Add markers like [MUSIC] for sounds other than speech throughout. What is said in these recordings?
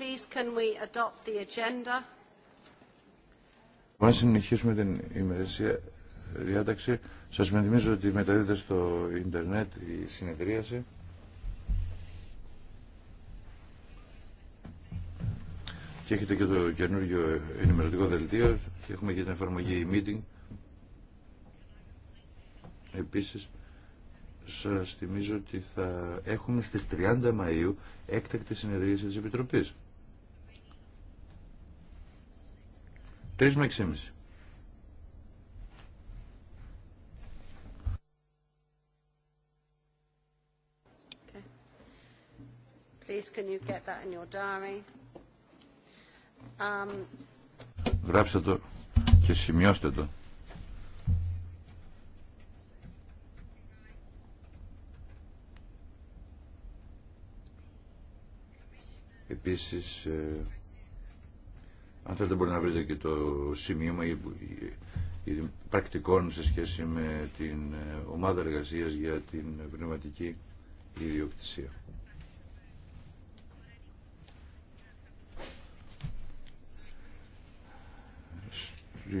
Please can we adopt the agenda? Να συνεχίσουμε την ημερησία διάταξη. Σας μεθυμίζω ότι μεταδίδεται στο ίντερνετ η συνεδρίαση. Και έχετε και το καινούργιο ενημερωτικό δελτίο και έχουμε και την εφαρμογη e-meeting. Επίσης, σας θυμίζω ότι θα έχουμε στις 30 Μαΐου έκτακτη συνεδρίαση της Επιτροπής. Τρεις με εξήμιση. Um, Γράψτε το και σημειώστε το. Επίσης, ε, αν θέλετε μπορείτε να βρείτε και το σημείωμα πρακτικών σε σχέση με την ε, ομάδα εργασίας για την πνευματική ιδιοκτησία.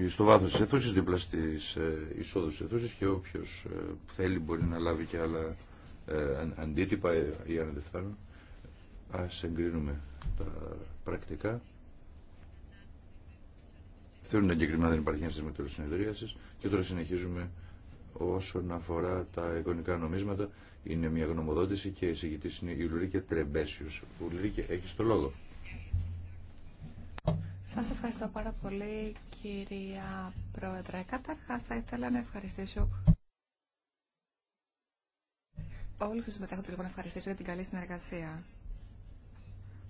στο βάθος τη αιθούση, δίπλα στις ε, εισόδου τη αιθούση και όποιος ε, θέλει μπορεί να λάβει και άλλα αντίτυπα ή αν δεν Ας εγκρίνουμε τα πρακτικά θέλουν εγκεκριμένα δεν υπάρχει ένα με το συνεδρίαση και τώρα συνεχίζουμε όσον αφορά τα εικονικά νομίσματα. Είναι μια γνωμοδότηση και η συγκητή είναι η Λουρίκε Τρεμπέσιου. Λουρίκε, έχει το λόγο. Σας ευχαριστώ πάρα πολύ κυρία Πρόεδρε. Καταρχάς θα ήθελα να ευχαριστήσω όλους τους συμμετέχοντες λοιπόν να ευχαριστήσω για την καλή συνεργασία.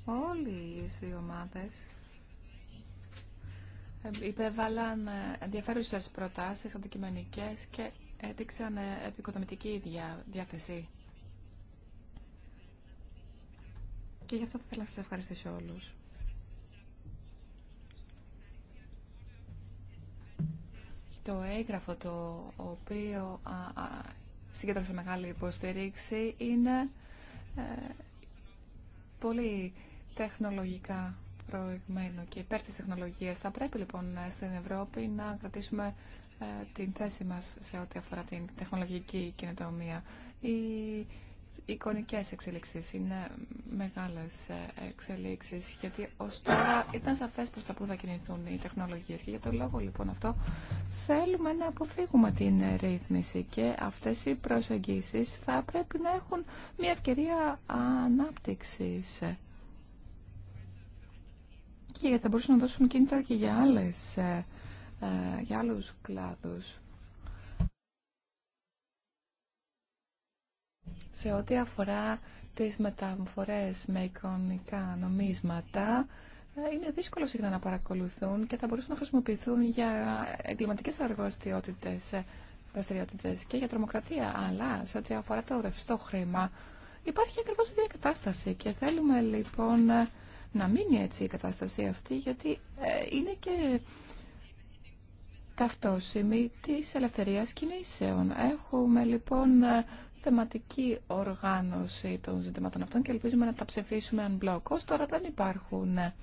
Όλοι οι ομάδες υπέβαλαν ε, ενδιαφέρουσες προτάσεις, αντικειμενικές και έδειξαν ε, επικοδομητική διά, διάθεση. Και γι' αυτό θα ήθελα να σας ευχαριστήσω όλους. Το έγγραφο το οποίο συγκέντρωσε μεγάλη υποστηρίξη είναι ε, πολύ τεχνολογικά και υπέρ της τεχνολογίας. Θα πρέπει λοιπόν στην Ευρώπη να κρατήσουμε ε, την θέση μας σε ό,τι αφορά την τεχνολογική κοινοτομία. Οι εικονικές εξελίξεις είναι μεγάλες ε, εξελίξεις, γιατί ως τώρα ήταν σαφές προς τα που θα κινηθούν οι τεχνολογίες. Και για τον λόγο λοιπόν αυτό θέλουμε να αποφύγουμε την ρύθμιση και αυτές οι προσεγγίσεις θα πρέπει να έχουν μια ευκαιρία ανάπτυξης και θα μπορούσαν να δώσουν κίνητρα και για, άλλες, ε, ε, για άλλους κλάδους. Σε ό,τι αφορά τις μεταφορές με εικονικά νομίσματα, ε, είναι δύσκολο συχνά να παρακολουθούν και θα μπορούσαν να χρησιμοποιηθούν για εγκληματικές ε, δραστηριότητες και για τρομοκρατία. Αλλά σε ό,τι αφορά το ρευστό χρήμα, υπάρχει ακριβώς η κατάσταση και θέλουμε λοιπόν να μείνει έτσι η κατάσταση αυτή, γιατί ε, είναι και ταυτόσημη της ελευθερίας κινήσεων. Έχουμε λοιπόν ε, θεματική οργάνωση των ζητημάτων αυτών και ελπίζουμε να τα ψηφίσουμε αν μπλοκ. τώρα δεν υπάρχουν ε,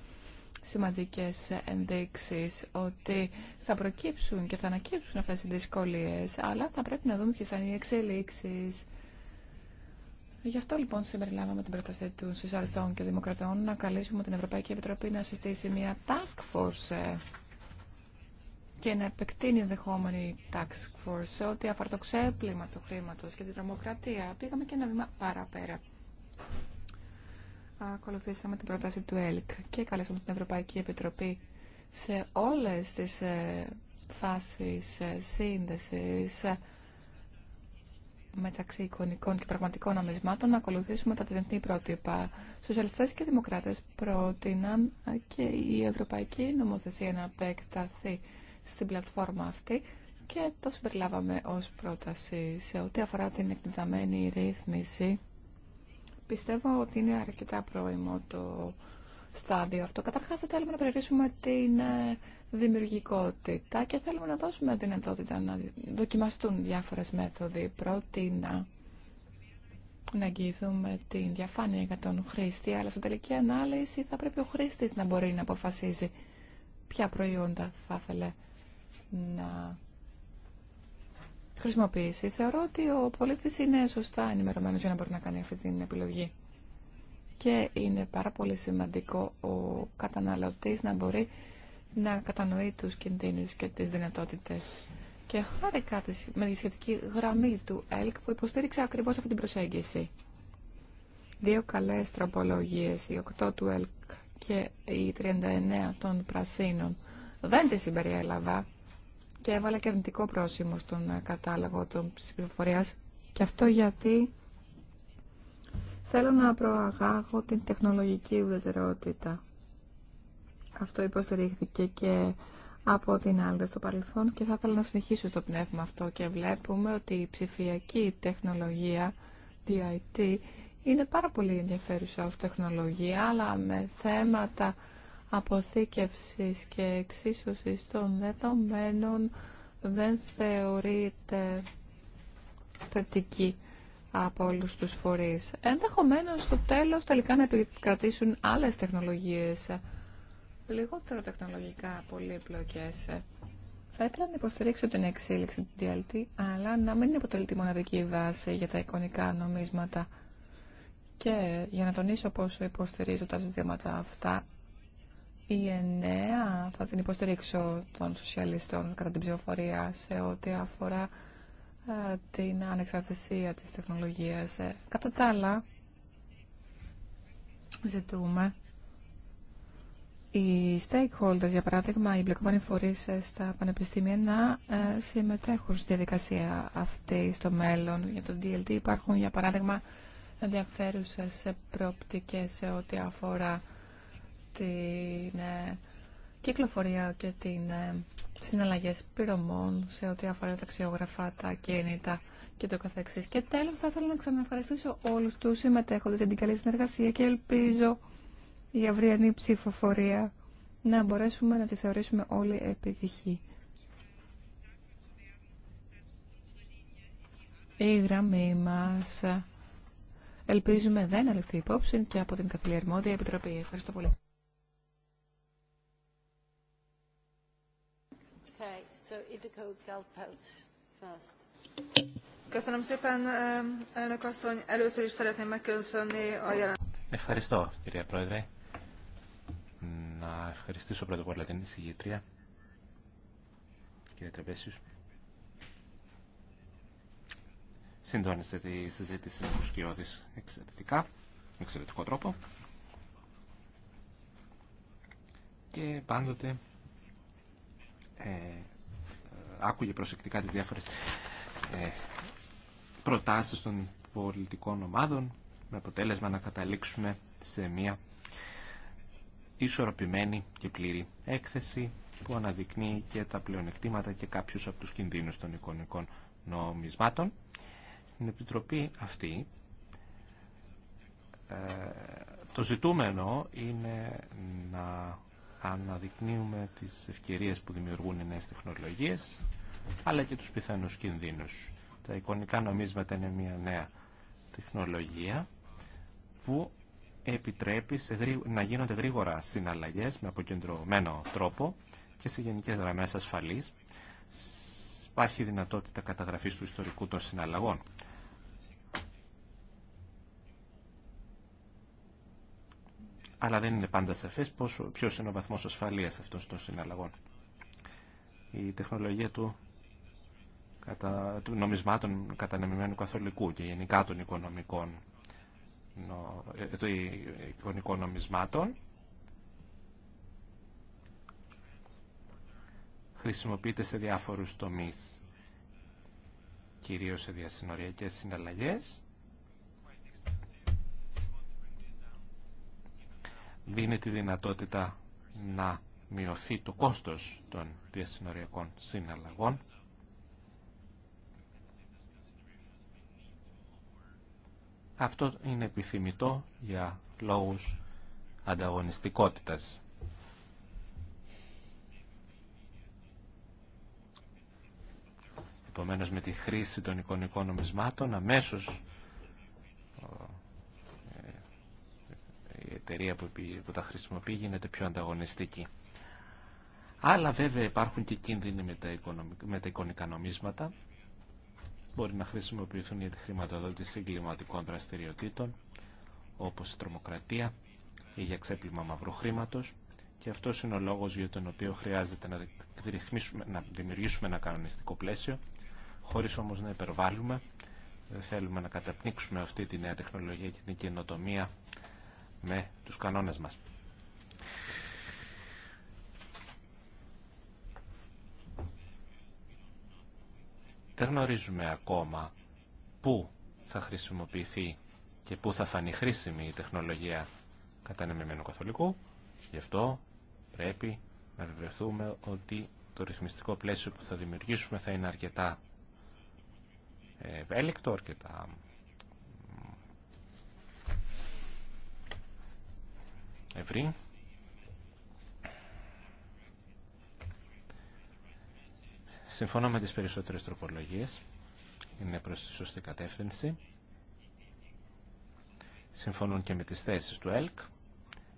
σημαντικές ενδείξεις ότι θα προκύψουν και θα ανακύψουν αυτές οι δυσκολίες, αλλά θα πρέπει να δούμε ποιες θα είναι οι εξελίξεις. Γι' αυτό λοιπόν συμπεριλάβαμε την πρόταση των Σοσιαλιστών και Δημοκρατών να καλέσουμε την Ευρωπαϊκή Επιτροπή να συστήσει μια task force ε, και να επεκτείνει ενδεχόμενη task force ό,τι αφορά το ξέπλυμα του χρήματο και την τρομοκρατία. Πήγαμε και ένα βήμα παραπέρα. Ακολουθήσαμε την πρόταση του ΕΛΚ και καλέσαμε την Ευρωπαϊκή Επιτροπή σε όλες τις ε, φάσεις ε, σύνδεσης μεταξύ εικονικών και πραγματικών νομισμάτων να ακολουθήσουμε τα διεθνή πρότυπα. Σοσιαλιστές και δημοκράτες πρότειναν και η ευρωπαϊκή νομοθεσία να επεκταθεί στην πλατφόρμα αυτή και το συμπεριλάβαμε ως πρόταση σε ό,τι αφορά την εκτεταμένη ρύθμιση. Πιστεύω ότι είναι αρκετά πρόημο το στάδιο αυτό. Καταρχάς δεν θέλουμε να περιορίσουμε την ε, δημιουργικότητα και θέλουμε να δώσουμε δυνατότητα να δοκιμαστούν διάφορες μέθοδοι. Πρώτη να εγγυηθούμε την διαφάνεια για τον χρήστη, αλλά στην τελική ανάλυση θα πρέπει ο χρήστη να μπορεί να αποφασίζει ποια προϊόντα θα ήθελε να χρησιμοποιήσει. Θεωρώ ότι ο πολίτης είναι σωστά ενημερωμένος για να μπορεί να κάνει αυτή την επιλογή και είναι πάρα πολύ σημαντικό ο καταναλωτής να μπορεί να κατανοεί τους κινδύνους και τις δυνατότητες. Και κάτι με τη σχετική γραμμή του ΕΛΚ που υποστήριξε ακριβώς αυτή την προσέγγιση. Δύο καλές τροπολογίες, η 8 του ΕΛΚ και η 39 των Πρασίνων, δεν τη συμπεριέλαβα και έβαλα και αρνητικό πρόσημο στον κατάλογο των ψηφοφορίας. Και αυτό γιατί Θέλω να προαγάγω την τεχνολογική ουδετερότητα. Αυτό υποστηρίχθηκε και από την άλλη στο παρελθόν και θα ήθελα να συνεχίσω το πνεύμα αυτό και βλέπουμε ότι η ψηφιακή τεχνολογία DIT είναι πάρα πολύ ενδιαφέρουσα ως τεχνολογία αλλά με θέματα αποθήκευσης και εξίσωσης των δεδομένων δεν θεωρείται θετική από όλους τους φορείς. Ενδεχομένως στο τέλος τελικά να επικρατήσουν άλλες τεχνολογίες, λιγότερο τεχνολογικά πολύπλοκες. Θα ήθελα να υποστηρίξω την εξέλιξη του DLT, αλλά να μην αποτελεί τη μοναδική βάση για τα εικονικά νομίσματα. Και για να τονίσω πόσο υποστηρίζω τα ζητήματα αυτά, η ΕΝΕΑ θα την υποστηρίξω των σοσιαλιστών κατά την ψηφοφορία σε ό,τι αφορά ε, την ανεξαρτησία της τεχνολογίας. Ε, κατά τα άλλα, ζητούμε οι stakeholders, για παράδειγμα, οι μπλεκόμενοι φορείς ε, στα πανεπιστήμια να συμμετέχουν στη διαδικασία αυτή στο μέλλον. Για το DLT υπάρχουν, για παράδειγμα, ενδιαφέρουσες προοπτικές σε ό,τι αφορά την κυκλοφορία και την ε, συναλλαγές σε ό,τι αφορά τα αξιόγραφα, τα κίνητα και το καθεξής. Και τέλος θα ήθελα να ξαναευχαριστήσω όλους τους συμμετέχοντες για την καλή συνεργασία και ελπίζω η αυριανή ψηφοφορία να μπορέσουμε να τη θεωρήσουμε όλοι επιτυχή. Η γραμμή μας ελπίζουμε δεν αληθεί υπόψη και από την Καθηλή Αρμόδια Επιτροπή. Ευχαριστώ πολύ. Ευχαριστώ, κυρία Πρόεδρε. Να ευχαριστήσω πρώτα απ' όλα την εισηγήτρια, κύριε Τρεπέσιου. Συντώνησε τη συζήτηση με του κοιόδης εξαιρετικά, με εξαιρετικό τρόπο. Και πάντοτε ε, άκουγε προσεκτικά τις διάφορες ε, προτάσεις των πολιτικών ομάδων με αποτέλεσμα να καταλήξουμε σε μια ισορροπημένη και πλήρη έκθεση που αναδεικνύει και τα πλεονεκτήματα και κάποιους από τους κινδύνους των εικονικών νομισμάτων. Στην Επιτροπή αυτή ε, το ζητούμενο είναι να αναδεικνύουμε τις ευκαιρίες που δημιουργούν οι νέες τεχνολογίες, αλλά και τους πιθανούς κινδύνους. Τα εικονικά νομίσματα είναι μια νέα τεχνολογία που επιτρέπει σε, να γίνονται γρήγορα συναλλαγές με αποκεντρωμένο τρόπο και σε γενικές γραμμές ασφαλής. Υπάρχει δυνατότητα καταγραφής του ιστορικού των συναλλαγών. αλλά δεν είναι πάντα σαφές πόσο, ποιος είναι ο βαθμός ασφαλείας αυτών των συναλλαγών. Η τεχνολογία του, κατά, του νομισμάτων κατανεμημένου καθολικού και γενικά των οικονομικών, νο, ε, ε, νομισμάτων χρησιμοποιείται σε διάφορους τομείς, κυρίως σε διασυνοριακές συναλλαγές δίνει τη δυνατότητα να μειωθεί το κόστος των διασυνοριακών συναλλαγών Αυτό είναι επιθυμητό για λόγους ανταγωνιστικότητας. Επομένως με τη χρήση των εικονικών νομισμάτων αμέσως εταιρεία που τα χρησιμοποιεί γίνεται πιο ανταγωνιστική. Αλλά βέβαια υπάρχουν και κίνδυνοι με τα, με τα εικονικά νομίσματα. Μπορεί να χρησιμοποιηθούν για τη χρηματοδότηση εγκληματικών δραστηριοτήτων, όπως η τρομοκρατία ή για ξέπλυμα μαύρου χρήματος. Και αυτό είναι ο λόγος για τον οποίο χρειάζεται να, να δημιουργήσουμε ένα κανονιστικό πλαίσιο, χωρίς όμως να υπερβάλλουμε. Δεν θέλουμε να καταπνίξουμε αυτή τη νέα τεχνολογία και την καινοτομία με τους κανόνες μας. Δεν γνωρίζουμε ακόμα πού θα χρησιμοποιηθεί και πού θα φανεί χρήσιμη η τεχνολογία κατανεμημένου καθολικού. Γι' αυτό πρέπει να βεβαιωθούμε ότι το ρυθμιστικό πλαίσιο που θα δημιουργήσουμε θα φανει χρησιμη η τεχνολογια νεμιμενου καθολικου αρκετά ε, ευέλικτο, αρκετά ευρύ. Συμφωνώ με τις περισσότερες τροπολογίες. Είναι προς τη σωστή κατεύθυνση. Συμφωνούν και με τις θέσεις του ΕΛΚ.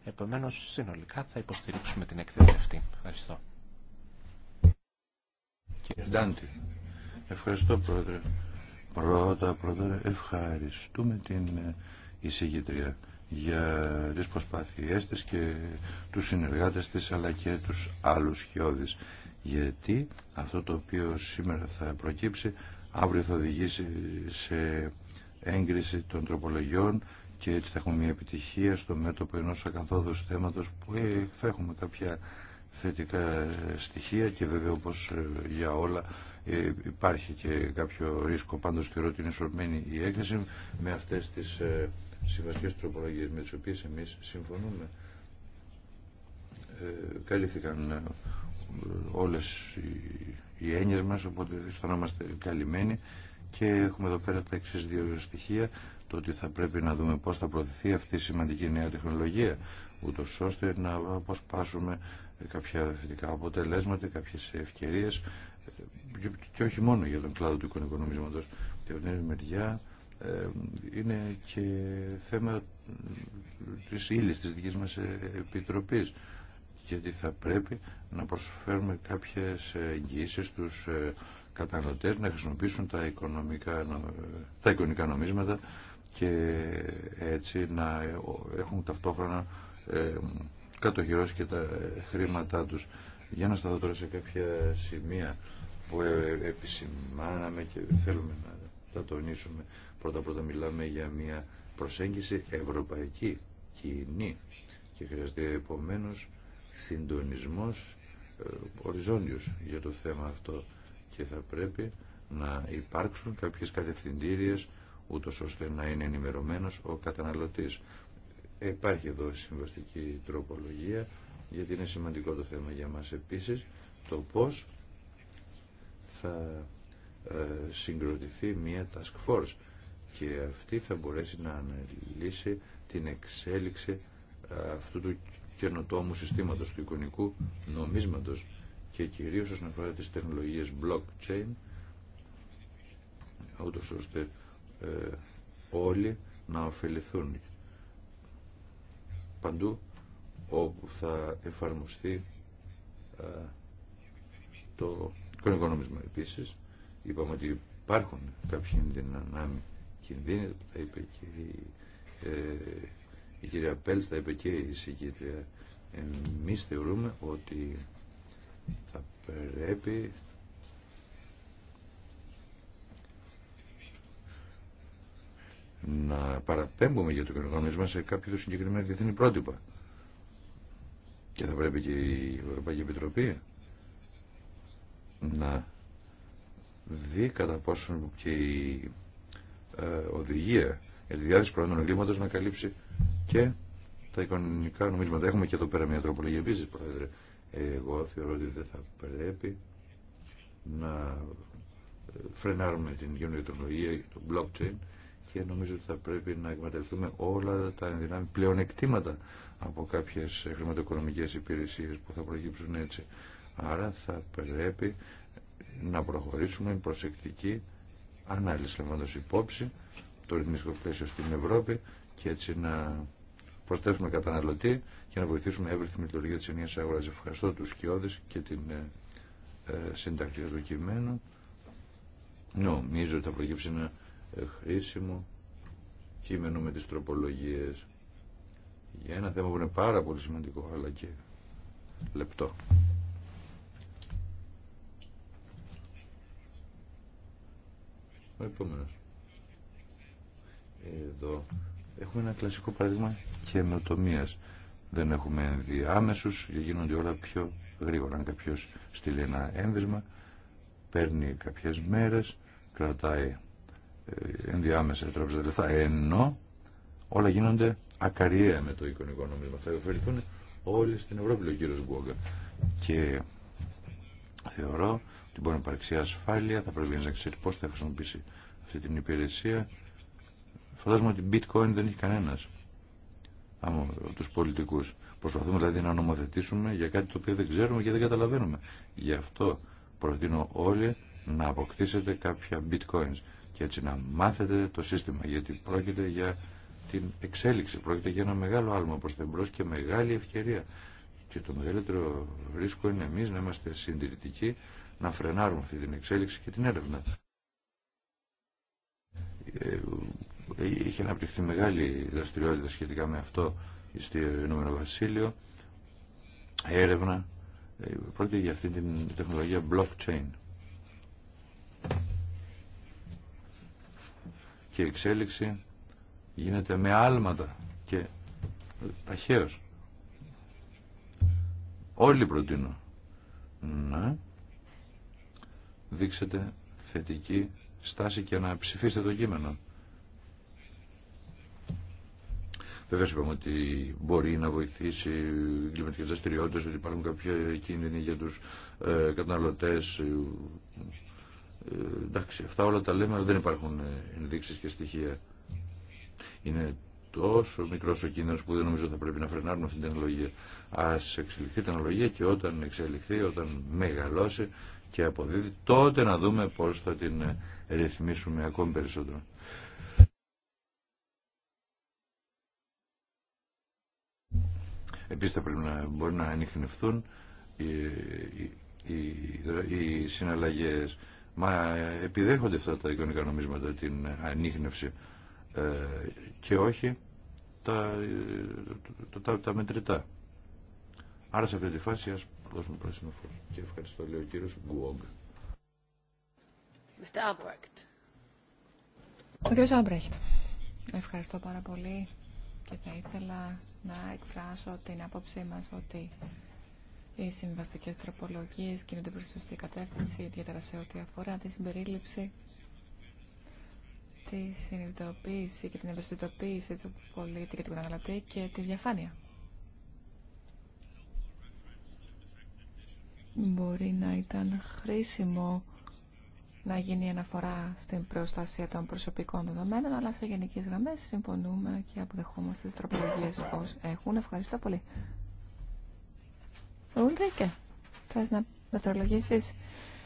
Επομένως, συνολικά θα υποστηρίξουμε την εκθέση αυτή. Ευχαριστώ. Ντάντη. Ευχαριστώ, Πρόεδρε. Πρώτα, Πρόεδρε, ευχαριστούμε την εισηγητρία για τις προσπάθειές της και τους συνεργάτες της αλλά και τους άλλους χιώδεις γιατί αυτό το οποίο σήμερα θα προκύψει αύριο θα οδηγήσει σε έγκριση των τροπολογιών και έτσι θα έχουμε μια επιτυχία στο μέτωπο ενός ακαθόδου θέματος που ε, θα έχουμε κάποια θετικά στοιχεία και βέβαια όπως ε, για όλα ε, υπάρχει και κάποιο ρίσκο πάντως θεωρώ ότι είναι η έκθεση με αυτές τις Συμβασικέ τροπολογίες με τις οποίες εμείς συμφωνούμε. Ε, καλύφθηκαν ε, όλες οι έννοιες μας, οπότε αισθανόμαστε καλυμμένοι και έχουμε εδώ πέρα τα εξή δύο στοιχεία, το ότι θα πρέπει να δούμε πώς θα προωθηθεί αυτή η σημαντική νέα τεχνολογία, ούτω ώστε να αποσπάσουμε κάποια θετικά αποτελέσματα, κάποιες ευκαιρίες ε, και όχι μόνο για τον κλάδο του οικονομικού την μεριά ε, είναι και θέμα της ύλης της δικής μας ε, επιτροπής γιατί θα πρέπει να προσφέρουμε κάποιες εγγύησεις στους ε, καταναλωτές να χρησιμοποιήσουν τα οικονομικά, τα οικονομικά νομίσματα και έτσι να έχουν ταυτόχρονα κατοχυρώσει και τα χρήματά τους. Για να σταθώ τώρα σε κάποια σημεία που επισημάναμε και θέλουμε να τα τονίσουμε. Πρώτα πρώτα μιλάμε για μια προσέγγιση ευρωπαϊκή, κοινή και χρειάζεται επομένω συντονισμός ε, οριζόντιος για το θέμα αυτό και θα πρέπει να υπάρξουν κάποιες κατευθυντήριες ούτως ώστε να είναι ενημερωμένος ο καταναλωτής. Υπάρχει εδώ συμβαστική τροπολογία γιατί είναι σημαντικό το θέμα για μας επίσης το πώς θα ε, συγκροτηθεί μια task force και αυτή θα μπορέσει να αναλύσει την εξέλιξη ε, αυτού του καινοτόμου συστήματος του εικονικού νομίσματος και κυρίως όσον αφορά τις τεχνολογίες blockchain ούτως ώστε ε, όλοι να ωφεληθούν παντού όπου θα εφαρμοστεί ε, το εικονικό νόμισμα. Επίσης είπαμε ότι υπάρχουν κάποιοι δυνάμοι τα είπε και η, ε, κυρία Πέλς, τα είπε και η συγκήτρια. Εμείς θεωρούμε ότι θα πρέπει να παραπέμπουμε για το κοινωνικό σε κάποιο συγκεκριμένο διεθνή πρότυπα. Και θα πρέπει και η Ευρωπαϊκή Επιτροπή να δει κατά πόσο και η ε, οδηγία για τη διάθεση προϊόντων εγκλήματος να καλύψει και τα οικονομικά νομίσματα. Έχουμε και εδώ πέρα μια τροπολογία επίσης, Πρόεδρε. Εγώ θεωρώ ότι δεν θα πρέπει να φρενάρουμε την καινούργια τεχνολογία, το blockchain και νομίζω ότι θα πρέπει να εκμεταλλευτούμε όλα τα ενδυνάμει πλεονεκτήματα από κάποιε χρηματοοικονομικές υπηρεσίε που θα προκύψουν έτσι. Άρα θα πρέπει να προχωρήσουμε προσεκτική ανάλυση λαμβάνοντας υπόψη το ρυθμιστικό πλαίσιο στην Ευρώπη και έτσι να προσθέσουμε καταναλωτή και να βοηθήσουμε εύρυθμη λειτουργία της ενιαία αγοράς. Ευχαριστώ του και την ε, ε συντακτή του κειμένου. Νομίζω ότι θα προκύψει ένα ε, χρήσιμο κείμενο με τις τροπολογίες για ένα θέμα που είναι πάρα πολύ σημαντικό αλλά και λεπτό. Ο επόμενο. Εδώ έχουμε ένα κλασικό παράδειγμα καινοτομία. Δεν έχουμε ενδιάμεσους, γίνονται όλα πιο γρήγορα. Αν κάποιο στείλει ένα έμβρισμα, παίρνει κάποιε μέρε, κρατάει ε, ενδιάμεσα τράπεζα λεφτά, ενώ όλα γίνονται ακαριέα με το εικονικό νόμισμα. Θα υποφεληθούν όλοι στην Ευρώπη, ο κύριο Γκόγκα Και θεωρώ την μπορεί να υπάρξει ασφάλεια, θα πρέπει να ξέρει πώ θα χρησιμοποιήσει αυτή την υπηρεσία. Φαντάζομαι ότι bitcoin δεν έχει κανένα από του πολιτικού. Προσπαθούμε δηλαδή να νομοθετήσουμε για κάτι το οποίο δεν ξέρουμε και δεν καταλαβαίνουμε. Γι' αυτό προτείνω όλοι να αποκτήσετε κάποια bitcoins και έτσι να μάθετε το σύστημα γιατί πρόκειται για την εξέλιξη, πρόκειται για ένα μεγάλο άλμα προς την εμπρός και μεγάλη ευκαιρία. Και το μεγαλύτερο ρίσκο είναι εμείς να είμαστε συντηρητικοί να φρενάρουμε αυτή την εξέλιξη και την έρευνα. Ε, ε, είχε αναπτυχθεί μεγάλη δραστηριότητα σχετικά με αυτό στο Ηνωμένο Βασίλειο, έρευνα, ε, πρώτη για αυτή την τεχνολογία blockchain. Και η εξέλιξη γίνεται με άλματα και ταχαίως. Όλοι προτείνω. να δείξετε θετική στάση και να ψηφίσετε το κείμενο. Βεβαίω είπαμε ότι μπορεί να βοηθήσει οι κλιματικέ δραστηριότητε, ότι υπάρχουν κάποια κίνδυνοι για του ε, καταναλωτέ. Ε, ε, εντάξει, αυτά όλα τα λέμε, αλλά δεν υπάρχουν ε, ενδείξει και στοιχεία. Είναι τόσο μικρό ο κίνδυνο που δεν νομίζω θα πρέπει να φρενάρουμε αυτή την τεχνολογία. Α εξελιχθεί η τεχνολογία και όταν εξελιχθεί, όταν μεγαλώσει, και αποδίδει, τότε να δούμε πώς θα την ε, ρυθμίσουμε ακόμη περισσότερο. Επίσης θα πρέπει να μπορεί να ανοιχνευθούν οι, οι, συναλλαγές. Μα ε, επιδέχονται αυτά τα εικονικά νομίσματα την ανοίχνευση ε, και όχι τα, ε, τα, τα, μετρητά. Άρα σε αυτή τη φάση ας πράσινο φως. Και ευχαριστώ, λέει ο κύριος Γκουόγκ. Ο κύριος Ευχαριστώ πάρα πολύ και θα ήθελα να εκφράσω την άποψή μας ότι οι συμβαστικές τροπολογίες κινούνται προς σωστή κατεύθυνση, ιδιαίτερα σε ό,τι αφορά τη συμπερίληψη, τη συνειδητοποίηση και την ευαισθητοποίηση του πολίτη και του καταναλωτή και τη διαφάνεια. Μπορεί να ήταν χρήσιμο να γίνει αναφορά στην προστασία των προσωπικών δεδομένων, αλλά σε γενικές γραμμές συμφωνούμε και αποδεχόμαστε τις τροπολογίες ως έχουν. Ευχαριστώ πολύ. Ούλρικε, θες να δευτερολογήσεις.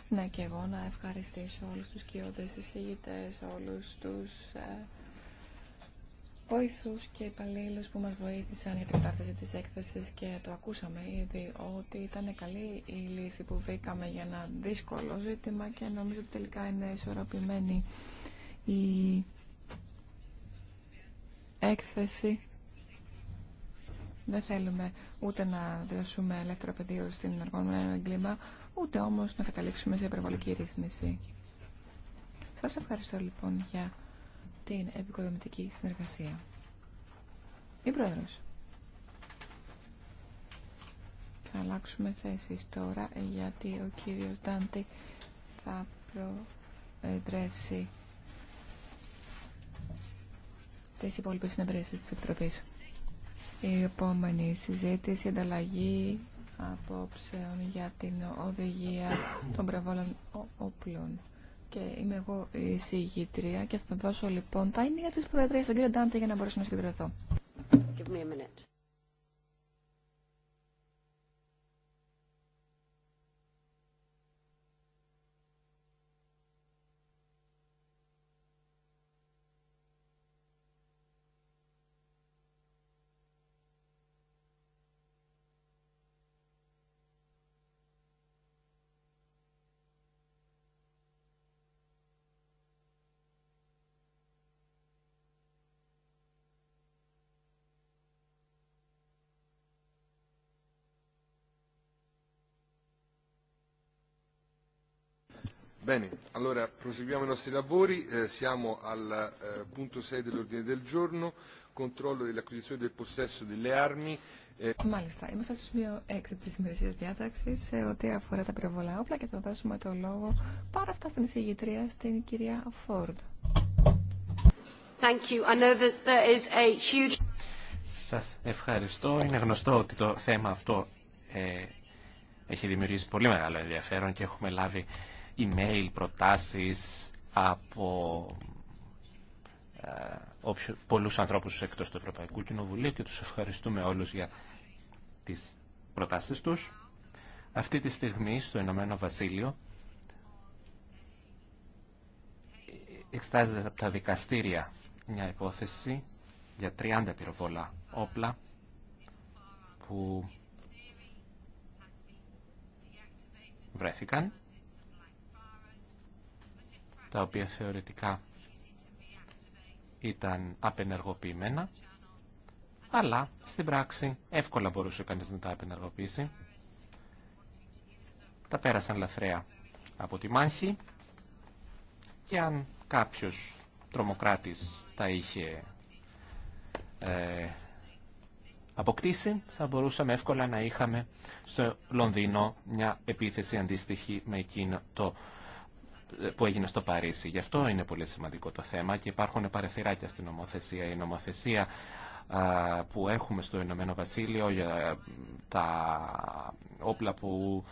Ναι, και εγώ να ευχαριστήσω όλους τους κοιόντες εισηγητές, όλους τους ε, βοηθού και υπαλλήλου που μα βοήθησαν για την κατάρτιση τη έκθεση και το ακούσαμε ήδη ότι ήταν καλή η λύση που βρήκαμε για ένα δύσκολο ζήτημα και νομίζω ότι τελικά είναι ισορροπημένη η έκθεση. Δεν θέλουμε ούτε να δώσουμε ελεύθερο πεδίο στην οργανωμένο εγκλήμα, ούτε όμως να καταλήξουμε σε υπερβολική ρύθμιση. Σας ευχαριστώ λοιπόν για την επικοδομητική συνεργασία. Η Πρόεδρος. Θα αλλάξουμε θέσεις τώρα γιατί ο κύριος Ντάντη θα προεδρεύσει τις υπόλοιπες συνεδρίασεις της Επιτροπής. Η επόμενη συζήτηση, ανταλλαγή απόψεων για την οδηγία των προβόλων όπλων και είμαι εγώ η συγγήτρια και θα δώσω λοιπόν τα είναι της τις στον κύριο Ντάντε για να μπορέσω να συγκεντρωθώ. Bene, allora proseguiamo i nostri lavori, eh, siamo al eh, punto 6 dell'ordine del giorno, controllo dell'acquisizione del possesso delle armi. Μάλιστα, eh. είμαστε στο σημείο 6 τη ημερησία διάταξη σε ό,τι αφορά τα πυροβολά όπλα και θα δώσουμε το λόγο πάρα αυτά στην εισηγητρία, στην κυρία Φόρντ. Thank you. I know that there is a huge... Σας ευχαριστώ. Είναι γνωστό ότι το θέμα αυτό ε, έχει δημιουργήσει πολύ μεγάλο ενδιαφέρον και έχουμε λάβει email, προτάσεις από ε, πολλού πολλούς ανθρώπους εκτός του Ευρωπαϊκού Κοινοβουλίου και τους ευχαριστούμε όλους για τις προτάσεις τους. Αυτή τη στιγμή στο Ηνωμένο Βασίλειο εξτάζεται από τα δικαστήρια μια υπόθεση για 30 πυροβόλα όπλα που βρέθηκαν τα οποία θεωρητικά ήταν απενεργοποιημένα, αλλά στην πράξη εύκολα μπορούσε κανείς να τα απενεργοποιήσει. Τα πέρασαν λαθρέα από τη μάχη και αν κάποιος τρομοκράτης τα είχε ε, αποκτήσει, θα μπορούσαμε εύκολα να είχαμε στο Λονδίνο μια επίθεση αντίστοιχη με εκείνο το που έγινε στο Παρίσι. Γι' αυτό είναι πολύ σημαντικό το θέμα και υπάρχουν παρεθυράκια στην νομοθεσία. Η νομοθεσία που έχουμε στο Ηνωμένο Βασίλειο για τα όπλα που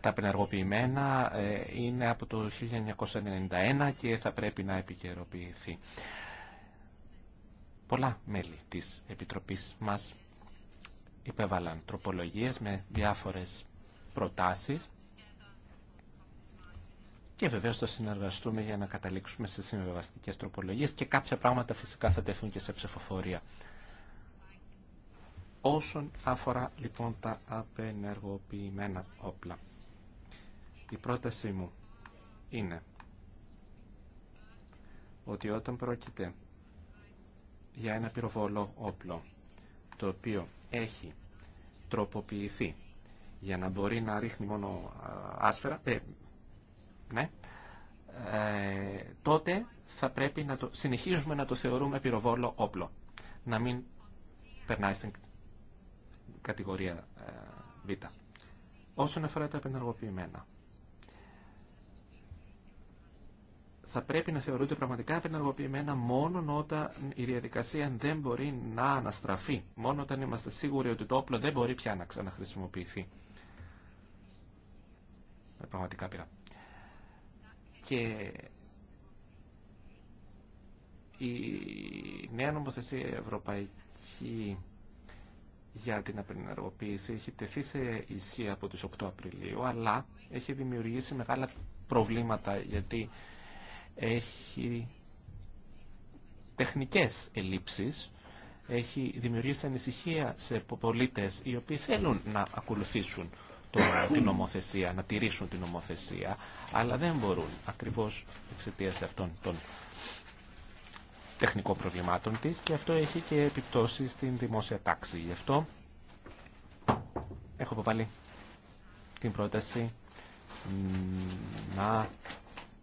τα πενεργοποιημένα ε, είναι από το 1991 και θα πρέπει να επικαιροποιηθεί. Πολλά μέλη της Επιτροπής μας υπέβαλαν τροπολογίες με διάφορες προτάσεις και βεβαίω θα συνεργαστούμε για να καταλήξουμε σε συμβιβαστικέ τροπολογίε και κάποια πράγματα φυσικά θα τεθούν και σε ψηφοφορία. Όσον αφορά λοιπόν τα απενεργοποιημένα όπλα. Η πρότασή μου είναι ότι όταν πρόκειται για ένα πυροβολό όπλο το οποίο έχει τροποποιηθεί για να μπορεί να ρίχνει μόνο άσφαιρα, ε, ναι, ε, τότε θα πρέπει να το συνεχίζουμε να το θεωρούμε πυροβόλο όπλο. Να μην περνάει στην κατηγορία ε, Β. Όσον αφορά τα επενεργοποιημένα, θα πρέπει να θεωρούνται πραγματικά επενεργοποιημένα μόνο όταν η διαδικασία δεν μπορεί να αναστραφεί. Μόνο όταν είμαστε σίγουροι ότι το όπλο δεν μπορεί πια να ξαναχρησιμοποιηθεί. Με πραγματικά πειρά. Και η νέα νομοθεσία ευρωπαϊκή για την απενεργοποίηση έχει τεθεί σε ισχύ από τις 8 Απριλίου, αλλά έχει δημιουργήσει μεγάλα προβλήματα γιατί έχει τεχνικές ελλείψεις, έχει δημιουργήσει ανησυχία σε πολίτες οι οποίοι θέλουν να ακολουθήσουν την νομοθεσία, να τηρήσουν την νομοθεσία, αλλά δεν μπορούν ακριβώς εξαιτία αυτών των τεχνικών προβλημάτων της και αυτό έχει και επιπτώσεις στην δημόσια τάξη. Γι' αυτό έχω αποβάλει την πρόταση να,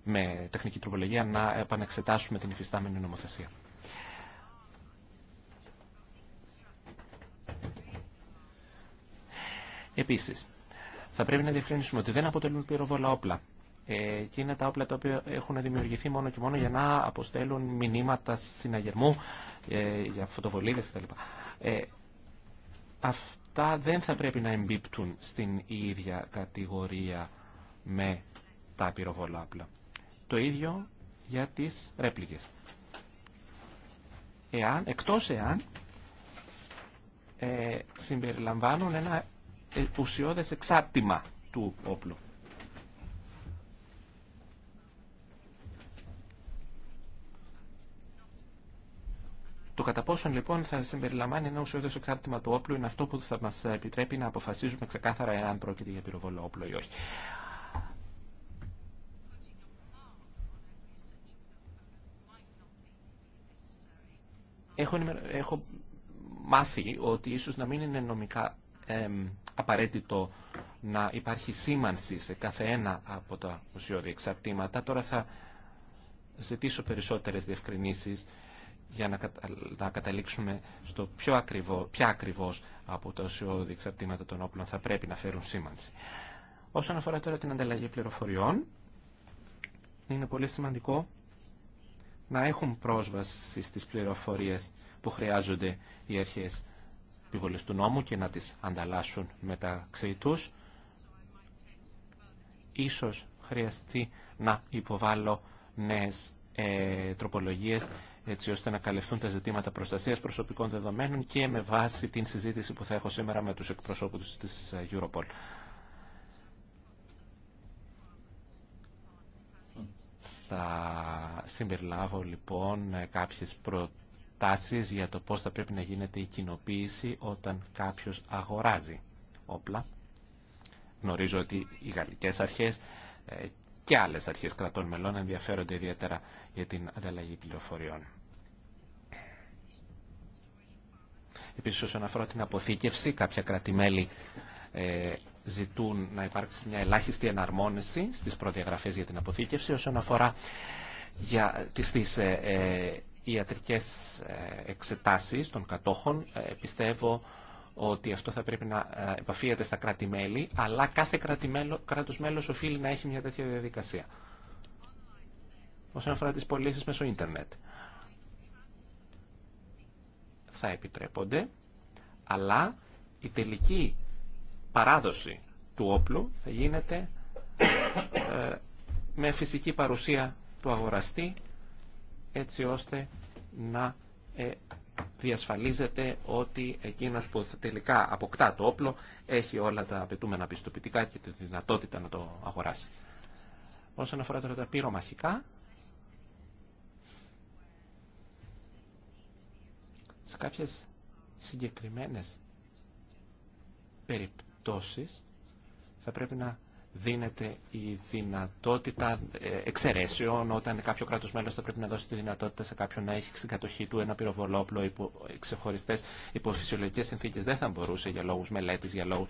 με τεχνική τροπολογία να επανεξετάσουμε την υφιστάμενη νομοθεσία. Επίσης, θα πρέπει να διευκρινίσουμε ότι δεν αποτελούν πυροβολά όπλα. Ε, και είναι τα όπλα τα οποία έχουν δημιουργηθεί μόνο και μόνο για να αποστέλουν μηνύματα συναγερμού ε, για φωτοβολίδες κτλ. Ε, αυτά δεν θα πρέπει να εμπίπτουν στην ίδια κατηγορία με τα πυροβολά όπλα. Το ίδιο για τις ρέπλικες. Εάν, εκτός εάν ε, συμπεριλαμβάνουν ένα ουσιώδες εξάρτημα του όπλου. Το κατά πόσον λοιπόν θα συμπεριλαμβάνει ένα ουσιώδε εξάρτημα του όπλου είναι αυτό που θα μα επιτρέπει να αποφασίζουμε ξεκάθαρα εάν πρόκειται για πυροβόλο όπλο ή όχι. Έχω, έχω μάθει ότι ίσως να μην είναι νομικά απαραίτητο να υπάρχει σήμανση σε κάθε ένα από τα ουσιώδη εξαρτήματα. Τώρα θα ζητήσω περισσότερες διευκρινήσεις για να καταλήξουμε στο πιο ακριβό, ποια ακριβώς από τα ουσιώδη εξαρτήματα των όπλων θα πρέπει να φέρουν σήμανση. Όσον αφορά τώρα την ανταλλαγή πληροφοριών, είναι πολύ σημαντικό να έχουν πρόσβαση στις πληροφορίες που χρειάζονται οι αρχές επιβολές του νόμου και να τις ανταλλάσσουν μεταξύ τους. Ίσως χρειαστεί να υποβάλω νέες ε, τροπολογίες έτσι ώστε να καλυφθούν τα ζητήματα προστασίας προσωπικών δεδομένων και με βάση την συζήτηση που θα έχω σήμερα με τους εκπροσώπους της ε, Europol. Θα συμπεριλάβω λοιπόν ε, κάποιες προτεραιότητες προτάσεις για το πώς θα πρέπει να γίνεται η κοινοποίηση όταν κάποιος αγοράζει όπλα. Γνωρίζω ότι οι γαλλικές αρχές ε, και άλλες αρχές κρατών μελών ενδιαφέρονται ιδιαίτερα για την ανταλλαγή πληροφοριών. Επίσης, όσον αφορά την αποθήκευση, κάποια κρατημέλη ε, ζητούν να υπάρξει μια ελάχιστη εναρμόνιση στις προδιαγραφές για την αποθήκευση όσον αφορά για τις, τις ε, ε ιατρικές ε, εξετάσεις των κατόχων. Ε, πιστεύω ότι αυτό θα πρέπει να ε, επαφίεται στα κράτη-μέλη, αλλά κάθε κράτος μέλος οφείλει να έχει μια τέτοια διαδικασία. Όσον αφορά τις πωλήσει μέσω ίντερνετ. Θα επιτρέπονται, αλλά η τελική παράδοση του όπλου θα γίνεται με φυσική παρουσία του αγοραστή έτσι ώστε να ε, διασφαλίζεται ότι εκείνος που τελικά αποκτά το όπλο έχει όλα τα απαιτούμενα πιστοποιητικά και τη δυνατότητα να το αγοράσει. Όσον αφορά τώρα τα πυρομαχικά, σε κάποιες συγκεκριμένες περιπτώσεις θα πρέπει να δίνεται η δυνατότητα ε, εξαιρέσεων όταν κάποιο κράτο μέλο θα πρέπει να δώσει τη δυνατότητα σε κάποιον να έχει στην κατοχή του ένα πυροβολόπλο υπό ε, ξεχωριστέ υποφυσιολογικέ συνθήκε. Δεν θα μπορούσε για λόγου μελέτη, για λόγου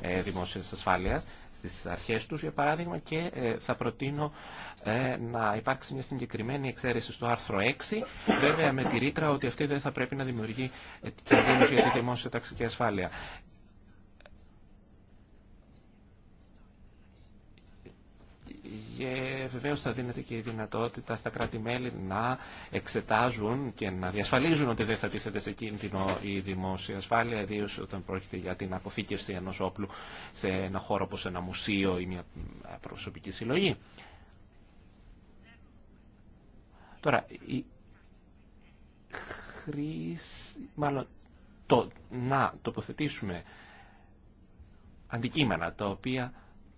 ε, δημόσια ασφάλεια στι αρχέ του, για παράδειγμα, και ε, θα προτείνω να υπάρξει μια συγκεκριμένη εξαίρεση στο άρθρο 6, βέβαια με τη ρήτρα ότι αυτή δεν θα πρέπει να δημιουργεί κινδύνου για τη δημόσια ταξική ασφάλεια. και βεβαίως θα δίνεται και η δυνατότητα στα κράτη-μέλη να εξετάζουν και να διασφαλίζουν ότι δεν θα τίθεται σε κίνδυνο η δημόσια ασφάλεια, ιδίω όταν πρόκειται για την αποθήκευση ενός όπλου σε ένα χώρο όπως ένα μουσείο ή μια προσωπική συλλογή. Τώρα, η χρήση, μάλλον το να τοποθετήσουμε αντικείμενα τα οποία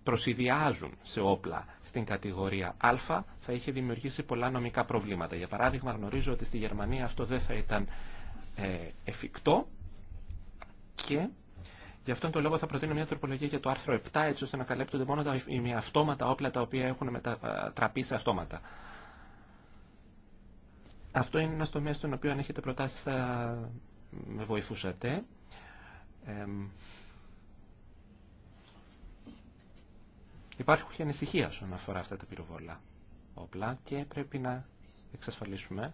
προσυδειάζουν σε όπλα στην κατηγορία Α θα είχε δημιουργήσει πολλά νομικά προβλήματα. Για παράδειγμα γνωρίζω ότι στη Γερμανία αυτό δεν θα ήταν ε, εφικτό και γι' αυτόν τον λόγο θα προτείνω μια τροπολογία για το άρθρο 7 έτσι ώστε να καλέπτονται μόνο τα αυτόματα όπλα τα οποία έχουν μετατραπεί σε αυτόματα. Αυτό είναι ένα τομέα στον οποίο αν έχετε προτάσει θα με βοηθούσατε. Υπάρχει ανησυχία όσον αφορά αυτά τα πυροβόλα όπλα και πρέπει να εξασφαλίσουμε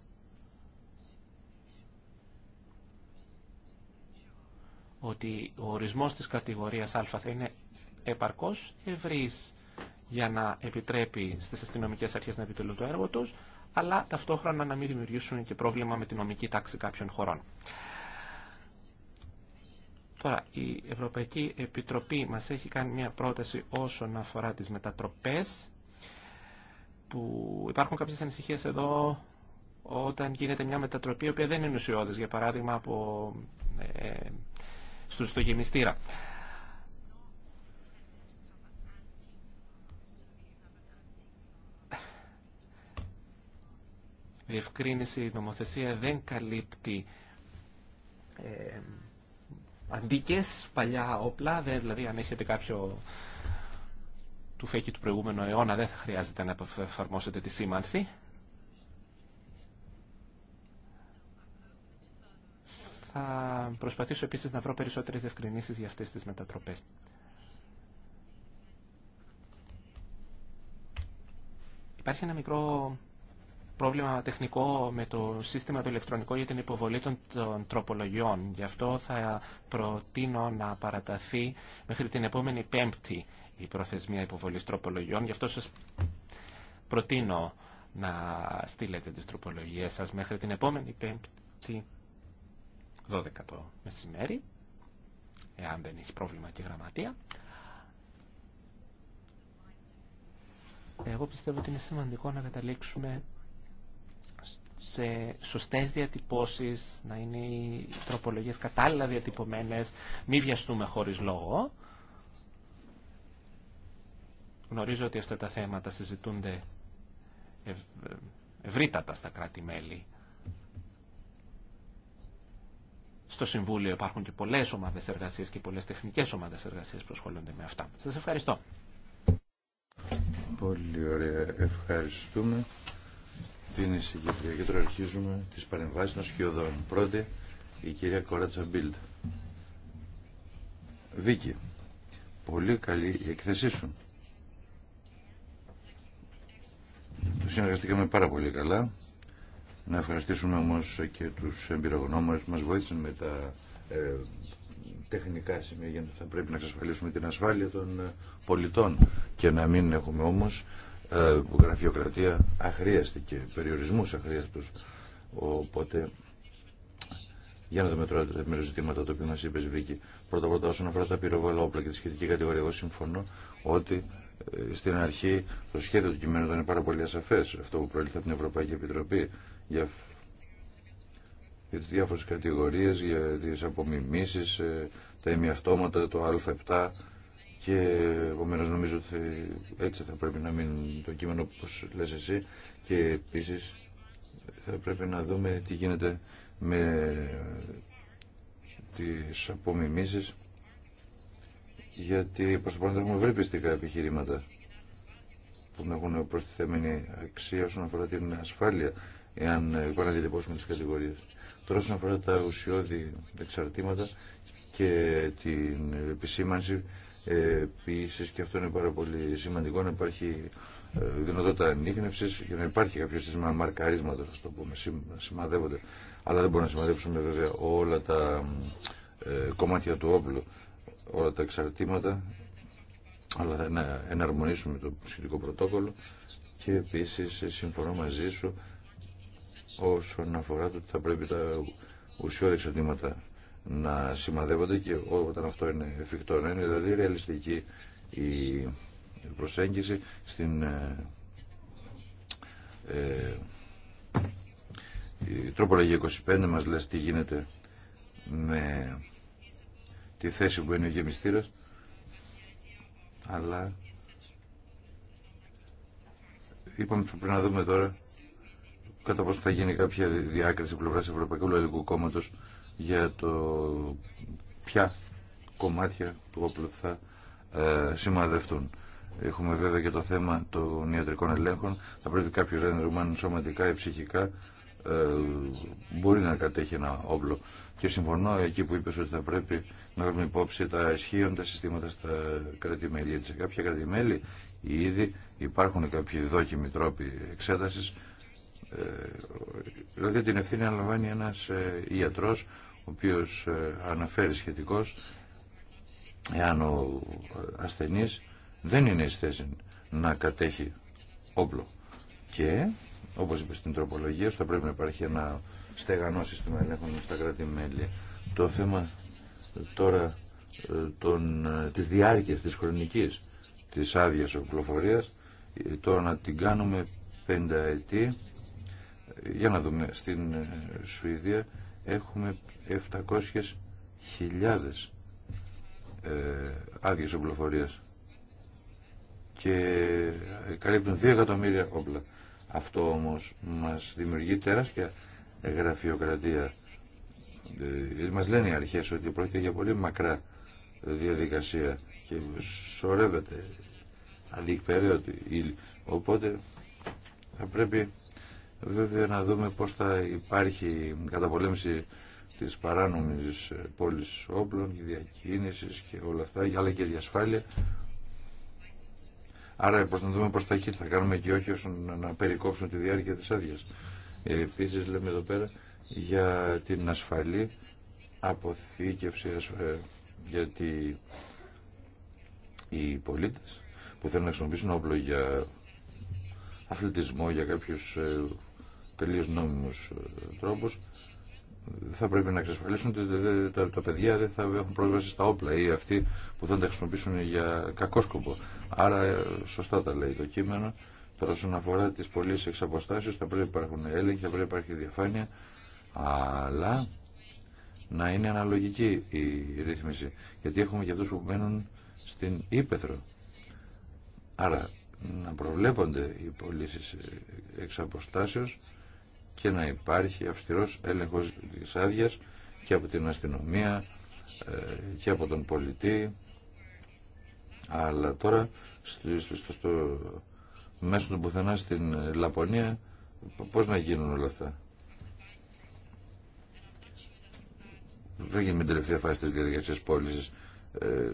ότι ο ορισμός της κατηγορίας Α θα είναι επαρκώς ευρύς για να επιτρέπει στις αστυνομικές αρχές να επιτελούν το έργο τους, αλλά ταυτόχρονα να μην δημιουργήσουν και πρόβλημα με την νομική τάξη κάποιων χωρών. Τώρα, η Ευρωπαϊκή Επιτροπή μας έχει κάνει μια πρόταση όσον αφορά τις μετατροπές που υπάρχουν κάποιες ανησυχίες εδώ όταν γίνεται μια μετατροπή η οποία δεν είναι ουσιώδης, για παράδειγμα από, ε, στο, στο γεμιστήρα. διευκρίνηση, η νομοθεσία δεν καλύπτει ε, Αντίκε, παλιά όπλα, δηλαδή αν έχετε κάποιο του φέκη του προηγούμενου αιώνα δεν θα χρειάζεται να εφαρμόσετε τη σήμανση. Θα προσπαθήσω επίσης να βρω περισσότερες διευκρινήσεις για αυτές τις μετατροπές. Υπάρχει ένα μικρό πρόβλημα τεχνικό με το σύστημα το ηλεκτρονικό για την υποβολή των, τροπολογιών. Γι' αυτό θα προτείνω να παραταθεί μέχρι την επόμενη Πέμπτη η προθεσμία υποβολής τροπολογιών. Γι' αυτό σας προτείνω να στείλετε τις τροπολογίες σας μέχρι την επόμενη Πέμπτη 12 το μεσημέρι, εάν δεν έχει πρόβλημα και γραμματεία. Εγώ πιστεύω ότι είναι σημαντικό να καταλήξουμε σε σωστές διατυπώσεις, να είναι οι τροπολογίες κατάλληλα διατυπωμένες, μη βιαστούμε χωρίς λόγο. Γνωρίζω ότι αυτά τα θέματα συζητούνται ευ... ευρύτατα στα κράτη-μέλη. Στο Συμβούλιο υπάρχουν και πολλές ομάδες εργασίας και πολλές τεχνικές ομάδες εργασίας που ασχολούνται με αυτά. Σας ευχαριστώ. Πολύ ωραία. Ευχαριστούμε την εισηγήτρια και τώρα αρχίζουμε τις παρεμβάσεις των σκιωδών. Πρώτη, η κυρία Κοράτσα Μπίλτ. Βίκη, πολύ καλή η εκθεσή σου. Συνεργαστήκαμε πάρα πολύ καλά. Να ευχαριστήσουμε όμως και τους εμπειρογνώμες μας βοήθησαν με τα ε, τεχνικά σημεία για να πρέπει να εξασφαλίσουμε την ασφάλεια των ε, πολιτών και να μην έχουμε όμως ε, γραφειοκρατία αχρίαστη και περιορισμούς αχρίαστου. Οπότε, για να δούμε τώρα τα μέρος ζητήματα το οποίο μας είπες Βίκη. Πρώτα πρώτα όσον αφορά τα πυροβόλα όπλα και τη σχετική κατηγορία, εγώ συμφωνώ ότι ε, στην αρχή το σχέδιο του κειμένου ήταν πάρα πολύ ασαφέ αυτό που προήλθε από την Ευρωπαϊκή Επιτροπή για για τις διάφορες κατηγορίες, για τις ε, τα ημιαυτόματα, το α7 και επομένω νομίζω ότι έτσι θα πρέπει να μείνει το κείμενο όπως λες εσύ και επίσης θα πρέπει να δούμε τι γίνεται με τις απομιμήσεις γιατί προς το πάνω έχουμε βρει πιστικά επιχειρήματα που να έχουν προστιθέμενη αξία όσον αφορά την ασφάλεια εάν επαναδιατυπώσουμε τις κατηγορίες. Τώρα όσον αφορά τα ουσιώδη εξαρτήματα και την επισήμανση Επίση, και αυτό είναι πάρα πολύ σημαντικό, να υπάρχει ε, δυνατότητα ανείχνευση και να υπάρχει κάποιο σύστημα μαρκαρίσματο, α το πούμε, σημαδεύονται. Αλλά δεν μπορούμε να σημαδεύσουμε βέβαια όλα τα ε, κομμάτια του όπλου, όλα τα εξαρτήματα, αλλά να εναρμονίσουμε το σχετικό πρωτόκολλο και επίσης συμφωνώ μαζί σου όσον αφορά το ότι θα πρέπει τα ουσιώδη εξαρτήματα να σημαδεύονται και όταν αυτό είναι εφικτό να είναι δηλαδή ρεαλιστική η προσέγγιση στην ε, ε η τροπολογία 25 μας λες τι γίνεται με τη θέση που είναι ο γεμιστήρας αλλά είπαμε πριν να δούμε τώρα κατά πόσο θα γίνει κάποια διάκριση πλευράς Ευρωπαϊκού Λαϊκού Κόμματος για το ποια κομμάτια του όπλου θα ε, σημαδευτούν. Έχουμε βέβαια και το θέμα των ιατρικών ελέγχων. Θα πρέπει κάποιο να είναι σωματικά ή ψυχικά. Ε, μπορεί να κατέχει ένα όπλο. Και συμφωνώ εκεί που είπε ότι θα πρέπει να έχουμε υπόψη τα ισχύοντα συστήματα στα κρατημέλη. Σε κάποια κρατημέλη ήδη υπάρχουν κάποιοι δόκιμοι τρόποι εξέταση. Ε, δηλαδή την ευθύνη αναλαμβάνει ένα ιατρός ο οποίος ε, αναφέρει σχετικός εάν ο ε, ασθενής δεν είναι εις θέση να κατέχει όπλο. Και, όπως είπε στην τροπολογία, θα πρέπει να υπάρχει ένα στεγανό σύστημα ελέγχων στα κράτη-μέλη. Το θέμα τώρα ε, των, της διάρκειας, της χρονικής της άδεια οπλοφορίας, τώρα να την κάνουμε πενταετή, για να δούμε στην Σουηδία έχουμε 700.000 ε, άδειε οπλοφορία και καλύπτουν 2 εκατομμύρια όπλα. Αυτό όμως μας δημιουργεί τεράστια γραφειοκρατία. Ε, μας λένε οι αρχές ότι πρόκειται για πολύ μακρά διαδικασία και σωρεύεται αδικπεραίωτη ότι Οπότε θα πρέπει βέβαια να δούμε πώς θα υπάρχει καταπολέμηση της παράνομης πώλησης όπλων και διακίνησης και όλα αυτά, αλλά και διασφάλεια. Άρα πώς να δούμε πώς θα εκεί θα κάνουμε και όχι όσον να περικόψουν τη διάρκεια της άδεια. Επίσης λέμε εδώ πέρα για την ασφαλή αποθήκευση ε, γιατί οι πολίτες που θέλουν να χρησιμοποιήσουν όπλο για αθλητισμό, για κάποιους ε, τελείως νόμιμους ε, τρόπους θα πρέπει να εξασφαλίσουν ότι τα παιδιά δεν θα έχουν πρόσβαση στα όπλα ή αυτοί που δεν τα χρησιμοποιήσουν για κακό σκοπό. Άρα ε, σωστά τα λέει το κείμενο. Τώρα όσον αφορά τις πωλήσει εξ θα πρέπει να υπάρχουν έλεγχοι, θα πρέπει να υπάρχει διαφάνεια αλλά να είναι αναλογική η ρύθμιση γιατί έχουμε και αυτούς που μένουν στην ύπεθρο. Άρα να προβλέπονται οι πωλήσει εξ και να υπάρχει αυστηρός έλεγχος της άδεια και από την αστυνομία ε, και από τον πολιτή αλλά τώρα στο, στο, στο μέσο του πουθενά στην Λαπωνία πώς να γίνουν όλα αυτά δεν γίνει με την τελευταία φάση της διαδικασίας πώλησης ε,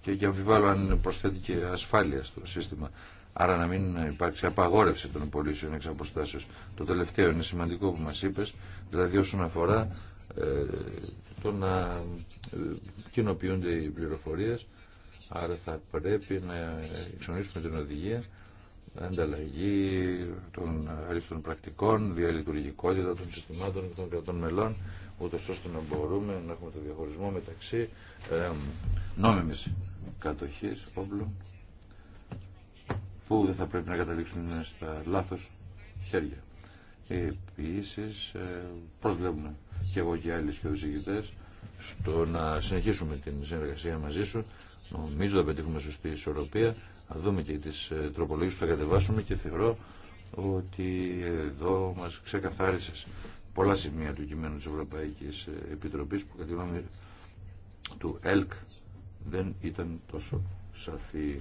και, και αμφιβάλλω αν προσθέτει και ασφάλεια στο σύστημα Άρα να μην υπάρξει απαγόρευση των πωλήσεων εξ αποστάσεως. Το τελευταίο είναι σημαντικό που μας είπες, δηλαδή όσον αφορά ε, το να ε, κοινοποιούνται οι πληροφορίες, άρα θα πρέπει να εξονίσουμε την οδηγία ανταλλαγή των αριθμών πρακτικών, διαλειτουργικότητα των συστημάτων και των κρατών μελών, ούτως ώστε να μπορούμε να έχουμε το διαχωρισμό μεταξύ ε, νόμιμης κατοχής όπλων που δεν θα πρέπει να καταλήξουν στα λάθος χέρια. Επίσης ε, προσβλέπουμε και εγώ και άλλοι σχεδοσυγητές στο να συνεχίσουμε την συνεργασία μαζί σου. Νομίζω θα πετύχουμε σωστή ισορροπία. Θα δούμε και τις ε, τροπολογίες που θα κατεβάσουμε και θεωρώ ότι εδώ μας ξεκαθάρισες πολλά σημεία του κειμένου της Ευρωπαϊκής ε, Επιτροπής που κατά του ΕΛΚ δεν ήταν τόσο σαφή.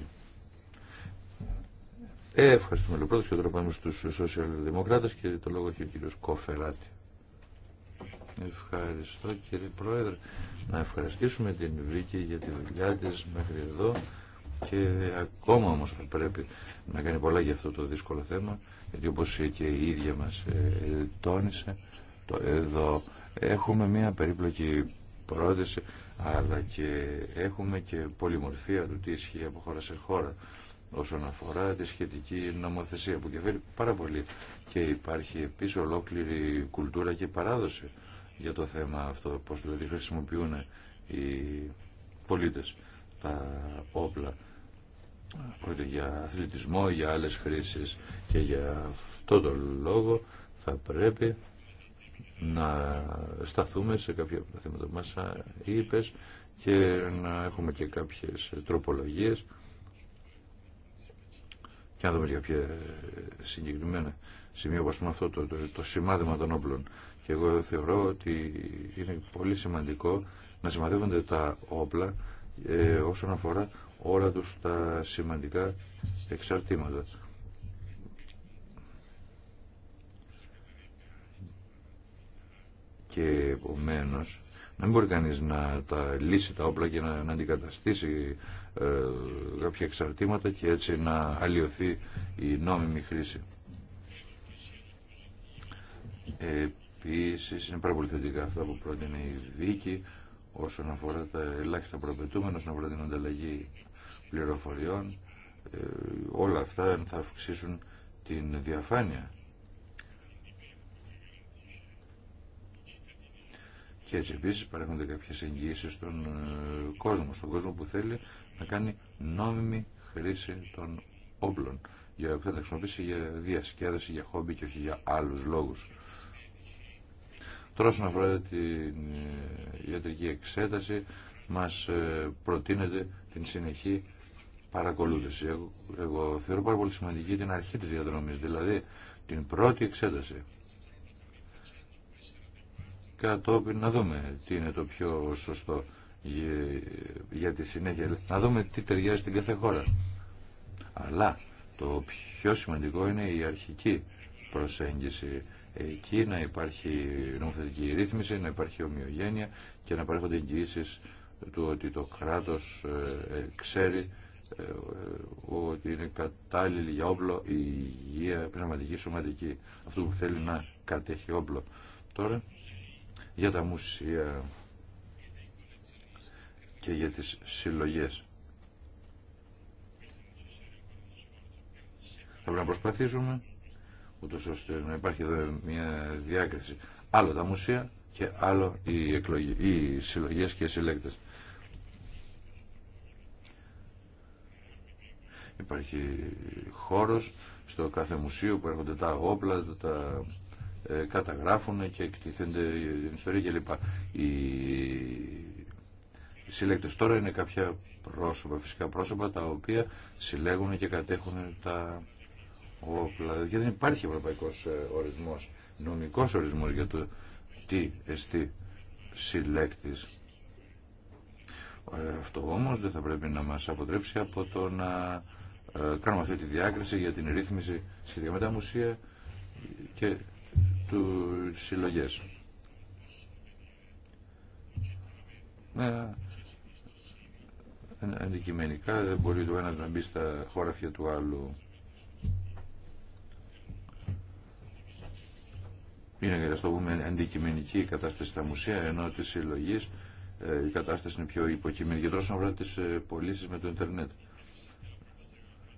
Ε, ευχαριστούμε λοιπόν. Και τώρα πάμε στους σοσιαλδημοκράτες και το λόγο έχει ο κύριος Κοφεράτη. Ευχαριστώ κύριε Πρόεδρε. Να ευχαριστήσουμε την Βίκη για τη δουλειά τη μέχρι εδώ και ακόμα όμως θα πρέπει να κάνει πολλά για αυτό το δύσκολο θέμα γιατί όπως και η ίδια μας ε, τόνισε το εδώ έχουμε μια περίπλοκη πρόταση αλλά και έχουμε και πολυμορφία του τι ισχύει από χώρα σε χώρα όσον αφορά τη σχετική νομοθεσία που διαφέρει πάρα πολύ και υπάρχει επίσης ολόκληρη κουλτούρα και παράδοση για το θέμα αυτό, πώς δηλαδή χρησιμοποιούν οι πολίτες τα όπλα πρόκειται για αθλητισμό, για άλλες χρήσεις και για αυτό τον λόγο θα πρέπει να σταθούμε σε κάποια θέματα που μας είπες και να έχουμε και κάποιες τροπολογίες και να δούμε για ποια συγκεκριμένα σημεία αυτό το, το, το των όπλων. Και εγώ θεωρώ ότι είναι πολύ σημαντικό να σημαδεύονται τα όπλα ε, όσον αφορά όλα τους τα σημαντικά εξαρτήματα. Και επομένως να μην μπορεί κανεί να τα λύσει τα όπλα και να, αντικαταστήσει ε, κάποια εξαρτήματα και έτσι να αλλοιωθεί η νόμιμη χρήση. Επίσης είναι πάρα πολύ θετικά αυτά που πρότεινε η δίκη όσον αφορά τα ελάχιστα προπετούμενα, όσον αφορά την ανταλλαγή πληροφοριών. Ε, όλα αυτά θα αυξήσουν την διαφάνεια Και έτσι επίση παρέχονται κάποιες εγγύσει στον ε, κόσμο, στον κόσμο που θέλει να κάνει νόμιμη χρήση των όπλων. Για να τα χρησιμοποιήσει για διασκέδαση, για χόμπι και όχι για άλλους λόγους. Τώρα όσον αφορά την ε, ιατρική εξέταση, μας ε, προτείνεται την συνεχή παρακολούθηση. Εγώ, εγώ θεωρώ πάρα πολύ σημαντική την αρχή τη διαδρομή, δηλαδή την πρώτη εξέταση κατόπιν να δούμε τι είναι το πιο σωστό για τη συνέχεια. Να δούμε τι ταιριάζει στην κάθε χώρα. Αλλά το πιο σημαντικό είναι η αρχική προσέγγιση. Εκεί να υπάρχει νομοθετική ρύθμιση, να υπάρχει ομοιογένεια και να υπάρχουν εγγυήσει του ότι το κράτος ε, ε, ξέρει ε, ότι είναι κατάλληλη για όπλο η υγεία πνευματική σωματική αυτού που θέλει να κατέχει όπλο. Τώρα για τα μουσεία και για τις συλλογές. Θα πρέπει να προσπαθήσουμε ούτως ώστε να υπάρχει εδώ μια διάκριση. Άλλο τα μουσεία και άλλο οι, εκλογές, οι συλλογές και οι συλλέκτες. Υπάρχει χώρος στο κάθε μουσείο που έρχονται τα όπλα, τα ε, καταγράφουν και εκτίθενται την ιστορία κλπ. Οι συλλέκτες τώρα είναι κάποια πρόσωπα, φυσικά πρόσωπα, τα οποία συλλέγουν και κατέχουν τα όπλα. Γιατί δεν υπάρχει ευρωπαϊκός ε, ορισμός, νομικός ορισμός για το τι εστί συλλέκτης. Ε, αυτό όμως δεν θα πρέπει να μας αποτρέψει από το να κάνουμε αυτή τη διάκριση για την ρύθμιση σχετικά με τα μουσεία και του συλλογέ. Ε, ναι, αντικειμενικά δεν μπορεί το ένας να μπει στα χωράφια του άλλου. Είναι, ας το πούμε, αντικειμενική η κατάσταση στα μουσεία, ενώ τη συλλογή ε, η κατάσταση είναι πιο υποκειμενική. Τώρα να αφορά τις ε, πωλήσει με το ίντερνετ.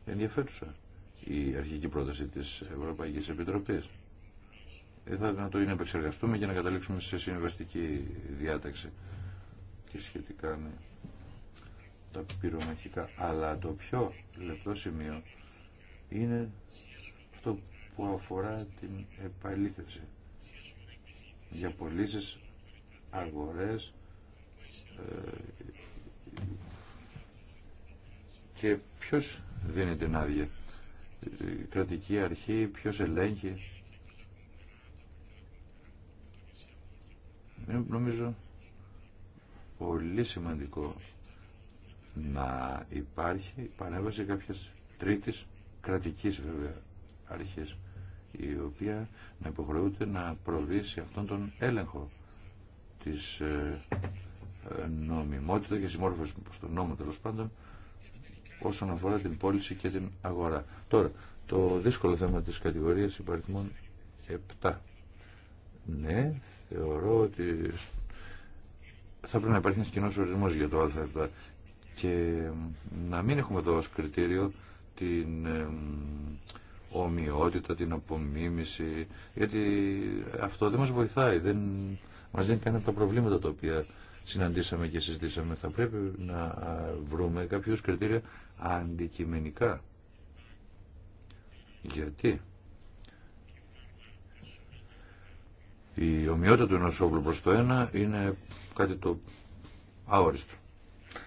Ενδιαφέρουσα η αρχική πρόταση της Ευρωπαϊκής Επιτροπής θα το είναι επεξεργαστούμε για να καταλήξουμε σε συμβαστική διάταξη και σχετικά με τα πυρομαχικά. Αλλά το πιο λεπτό σημείο είναι αυτό που αφορά την επαλήθευση για πωλήσει, αγορές ε, και ποιος δίνει την άδεια. κρατική αρχή, ποιος ελέγχει Είναι νομίζω πολύ σημαντικό να υπάρχει παρέμβαση κάποιας τρίτης κρατικής βέβαια αρχής η οποία να υποχρεούται να προβεί αυτόν τον έλεγχο της ε, ε νομιμότητα και συμμόρφωση προς τον νόμο τέλο πάντων όσον αφορά την πώληση και την αγορά. Τώρα, το δύσκολο θέμα της κατηγορίας υπαριθμών 7 ναι, θεωρώ ότι θα πρέπει να υπάρχει ένα κοινό ορισμό για το α και να μην έχουμε εδώ ω κριτήριο την ομοιότητα, την απομίμηση, γιατί αυτό δεν μας βοηθάει, δεν μας δίνει κανένα από τα προβλήματα τα οποία συναντήσαμε και συζητήσαμε. Θα πρέπει να βρούμε κάποιους κριτήρια αντικειμενικά. Γιατί η ομοιότητα του ενός όπλου προς το ένα είναι κάτι το αόριστο.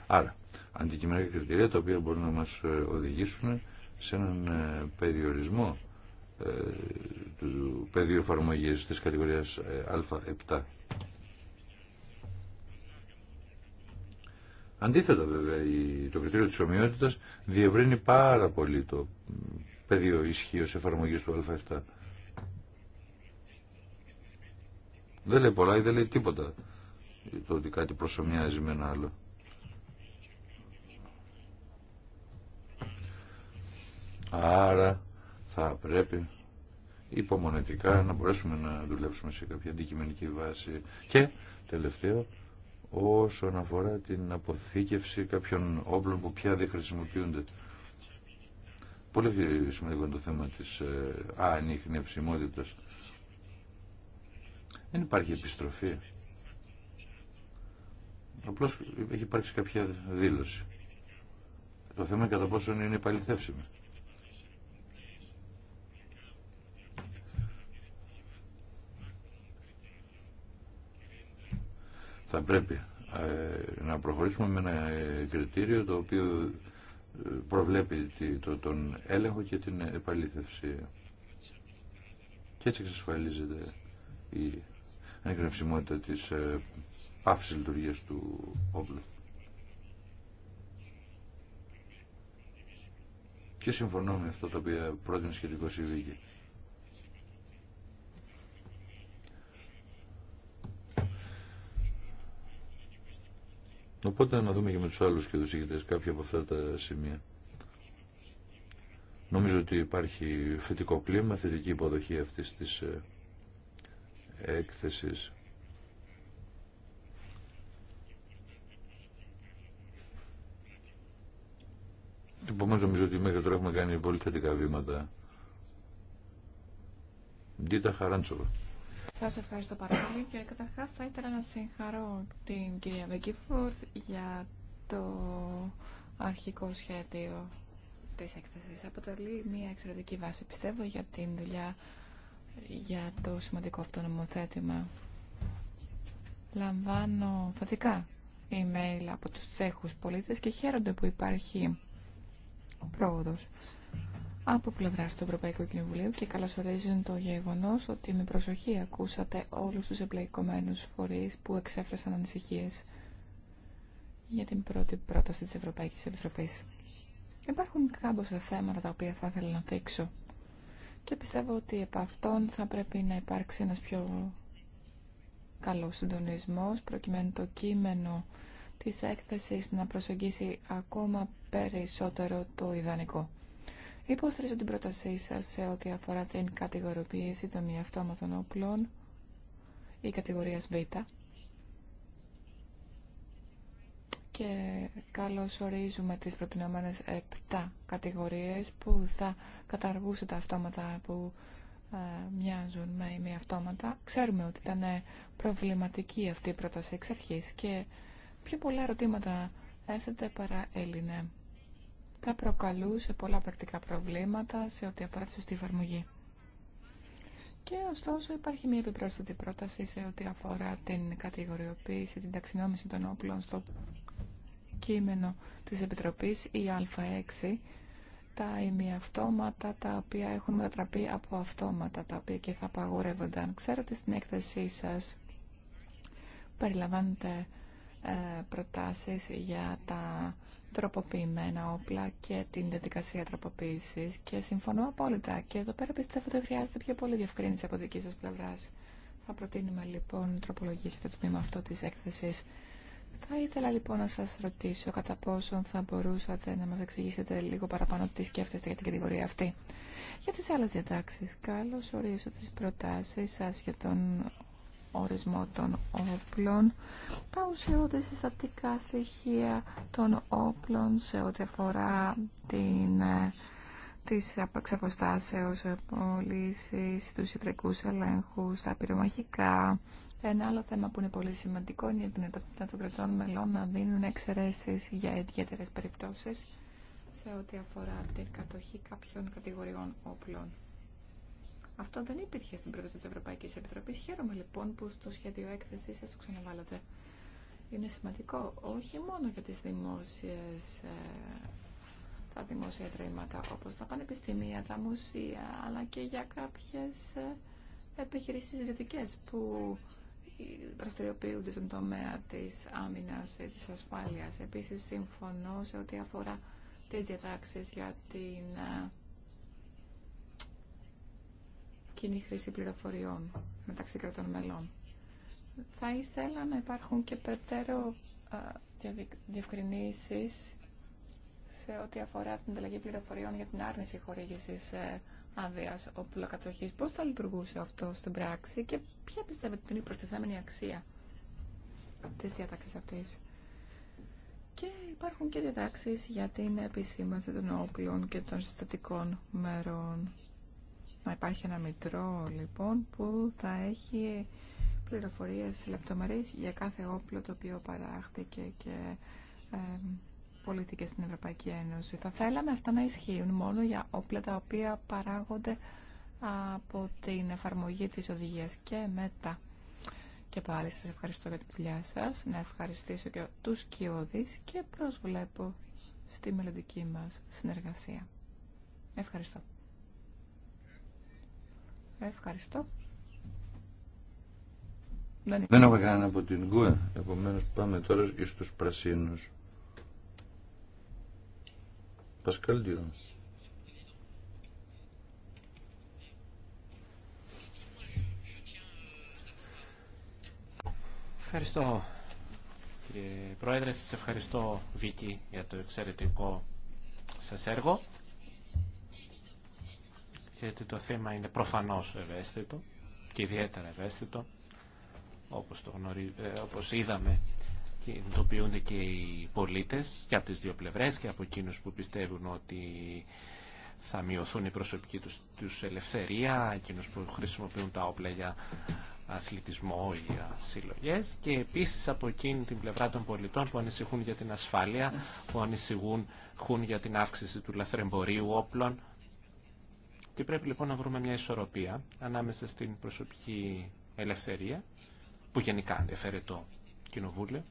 Άρα, αντικειμενικά κριτηρία τα οποία μπορούν να μας ε, οδηγήσουν σε έναν ε, περιορισμό ε, του πεδίου εφαρμογή της κατηγορίας ε, Α7. Αντίθετα βέβαια το κριτήριο της ομοιότητας διευρύνει πάρα πολύ το πεδίο ισχύω εφαρμογή του Α7. Δεν λέει πολλά ή δεν λέει τίποτα το ότι κάτι προσωμιάζει με ένα άλλο. Άρα θα πρέπει υπομονετικά να μπορέσουμε να δουλέψουμε σε κάποια αντικειμενική βάση. Και τελευταίο, όσον αφορά την αποθήκευση κάποιων όπλων που πια δεν χρησιμοποιούνται. Πολύ σημαντικό είναι το θέμα της ε, ανιχνευσιμότητας. Δεν υπάρχει επιστροφή. Απλώς έχει υπάρξει κάποια δήλωση. Το θέμα κατά πόσο είναι επαλήθευση; Θα πρέπει ε, να προχωρήσουμε με ένα ε, κριτήριο το οποίο ε, προβλέπει το, τον έλεγχο και την επαλήθευση. Και έτσι εξασφαλίζεται η ανεκνευσιμότητα της ε, πάυσης λειτουργίας του όπλου. Και συμφωνώ με αυτό το οποίο πρότεινε σχετικό συμβήκη. Οπότε να δούμε και με τους άλλους και τους ηγητές κάποια από αυτά τα σημεία. Νομίζω ότι υπάρχει θετικό κλίμα, θετική υποδοχή αυτής της ε, έκθεσης. Επομένως νομίζω ότι μέχρι τώρα έχουμε κάνει πολύ θετικά βήματα. Δίτα Χαράντσοβα. Σα ευχαριστώ πάρα πολύ και καταρχά θα ήθελα να συγχαρώ την κυρία Βεκίφορτ για το αρχικό σχέδιο της έκθεσης. Αποτελεί μια εξαιρετική βάση πιστεύω για την δουλειά για το σημαντικό αυτό νομοθέτημα. Λαμβάνω θετικά email από τους Τσέχους πολίτες και χαίρονται που υπάρχει πρόοδος από πλευρά του Ευρωπαϊκού Κοινοβουλίου και καλωσορίζουν το γεγονός ότι με προσοχή ακούσατε όλους τους εμπλεκομένου φορείς που εξέφρασαν ανησυχίες για την πρώτη πρόταση της Ευρωπαϊκής Επιτροπή. Υπάρχουν κάμποσα θέματα τα οποία θα ήθελα να δείξω και πιστεύω ότι επ' αυτών θα πρέπει να υπάρξει ένας πιο καλός συντονισμός προκειμένου το κείμενο της έκθεσης να προσεγγίσει ακόμα περισσότερο το ιδανικό. Υποστηρίζω την πρότασή σας σε ό,τι αφορά την κατηγοριοποίηση των μη αυτόματων όπλων ή κατηγορίας Β και καλώς ορίζουμε τις προτινόμενες 7 κατηγορίες που θα καταργούσε τα αυτόματα που ε, μοιάζουν με μη αυτόματα. Ξέρουμε ότι ήταν προβληματική αυτή η πρόταση εξ αρχής και πιο πολλά ερωτήματα έθετε παρά Έλληνε. Θα προκαλούσε πολλά πρακτικά προβλήματα σε ό,τι αφορά τη σωστή εφαρμογή. Και ωστόσο υπάρχει μια επιπρόσθετη πρόταση σε ό,τι αφορά την κατηγοριοποίηση, την ταξινόμηση των όπλων στο κείμενο της Επιτροπής, η Α6, τα ημιαυτόματα τα οποία έχουν μετατραπεί από αυτόματα, τα οποία και θα απαγορεύονταν. Ξέρω ότι στην έκθεσή σας περιλαμβάνετε προτάσεις για τα τροποποιημένα όπλα και την διαδικασία τροποποίησης και συμφωνώ απόλυτα και εδώ πέρα πιστεύω ότι χρειάζεται πιο πολύ διευκρίνηση από δική σας πλευράς. Θα προτείνουμε λοιπόν τροπολογία για το τμήμα αυτό της έκθεσης θα ήθελα λοιπόν να σας ρωτήσω κατά πόσον θα μπορούσατε να μας εξηγήσετε λίγο παραπάνω τι σκέφτεστε για την κατηγορία αυτή. Για τις άλλες διατάξεις, καλώς ορίζω τις προτάσεις σας για τον ορισμό των όπλων, τα ουσιώδη συστατικά στοιχεία των όπλων σε ό,τι αφορά την ε, της εξαποστάσεως του ε, τους ιδρικούς ελέγχους, τα πυρομαχικά, ένα άλλο θέμα που είναι πολύ σημαντικό είναι η δυνατότητα των κρατών μελών να δίνουν εξαιρέσει για ιδιαίτερε περιπτώσει σε ό,τι αφορά την κατοχή κάποιων κατηγοριών όπλων. Αυτό δεν υπήρχε στην πρόταση τη Ευρωπαϊκή Επιτροπή. Χαίρομαι λοιπόν που στο σχέδιο έκθεση σα το ξαναβάλλατε. Είναι σημαντικό όχι μόνο για τις δημόσιες, ε, τα δημόσια ιδρύματα όπως τα πανεπιστήμια, τα μουσεία, αλλά και για κάποιες ε, επιχειρήσεις ιδιωτικές που δραστηριοποιούνται στον τομέα της άμυνας και της ασφάλειας. Επίσης, συμφωνώ σε ό,τι αφορά τις διατάξεις για την ε, κοινή χρήση πληροφοριών μεταξύ κρατών μελών. Θα ήθελα να υπάρχουν και περαιτέρω ε, διευκρινήσεις σε ό,τι αφορά την ανταλλαγή πληροφοριών για την άρνηση χορήγησης ε, άδεια κατοχής, Πώς θα λειτουργούσε αυτό στην πράξη και ποια πιστεύετε ότι είναι η προστιθέμενη αξία της διατάξης αυτής. Και υπάρχουν και διατάξεις για την επισήμανση των όπλων και των συστατικών μέρων. Να υπάρχει ένα μητρό λοιπόν που θα έχει πληροφορίες λεπτομερείς για κάθε όπλο το οποίο παράχτηκε και ε, πολιτικές στην Ευρωπαϊκή Ένωση. Θα θέλαμε αυτά να ισχύουν μόνο για όπλα τα οποία παράγονται από την εφαρμογή της οδηγίας και μετά. Και πάλι σας ευχαριστώ για τη δουλειά σας, να ευχαριστήσω και τους κοιόδης και προσβλέπω στη μελλοντική μας συνεργασία. Ευχαριστώ. Ευχαριστώ. Δεν, κανένα από την ΚΟΕ, επομένως πάμε τώρα και στους πρασίνους. Ευχαριστώ κύριε Πρόεδρε, σας ευχαριστώ Βίκη για το εξαιρετικό σας έργο γιατί το θέμα είναι προφανώς ευαίσθητο και ιδιαίτερα ευαίσθητο όπως, το ε, όπως είδαμε κινητοποιούνται και οι πολίτες και από τις δύο πλευρές και από εκείνους που πιστεύουν ότι θα μειωθούν οι προσωπικοί τους, ελευθερία, εκείνους που χρησιμοποιούν τα όπλα για αθλητισμό, για συλλογές και επίσης από εκείνη την πλευρά των πολιτών που ανησυχούν για την ασφάλεια, που ανησυχούν για την αύξηση του λαθρεμπορίου όπλων και πρέπει λοιπόν να βρούμε μια ισορροπία ανάμεσα στην προσωπική ελευθερία που γενικά ενδιαφέρει το Κοινοβούλιο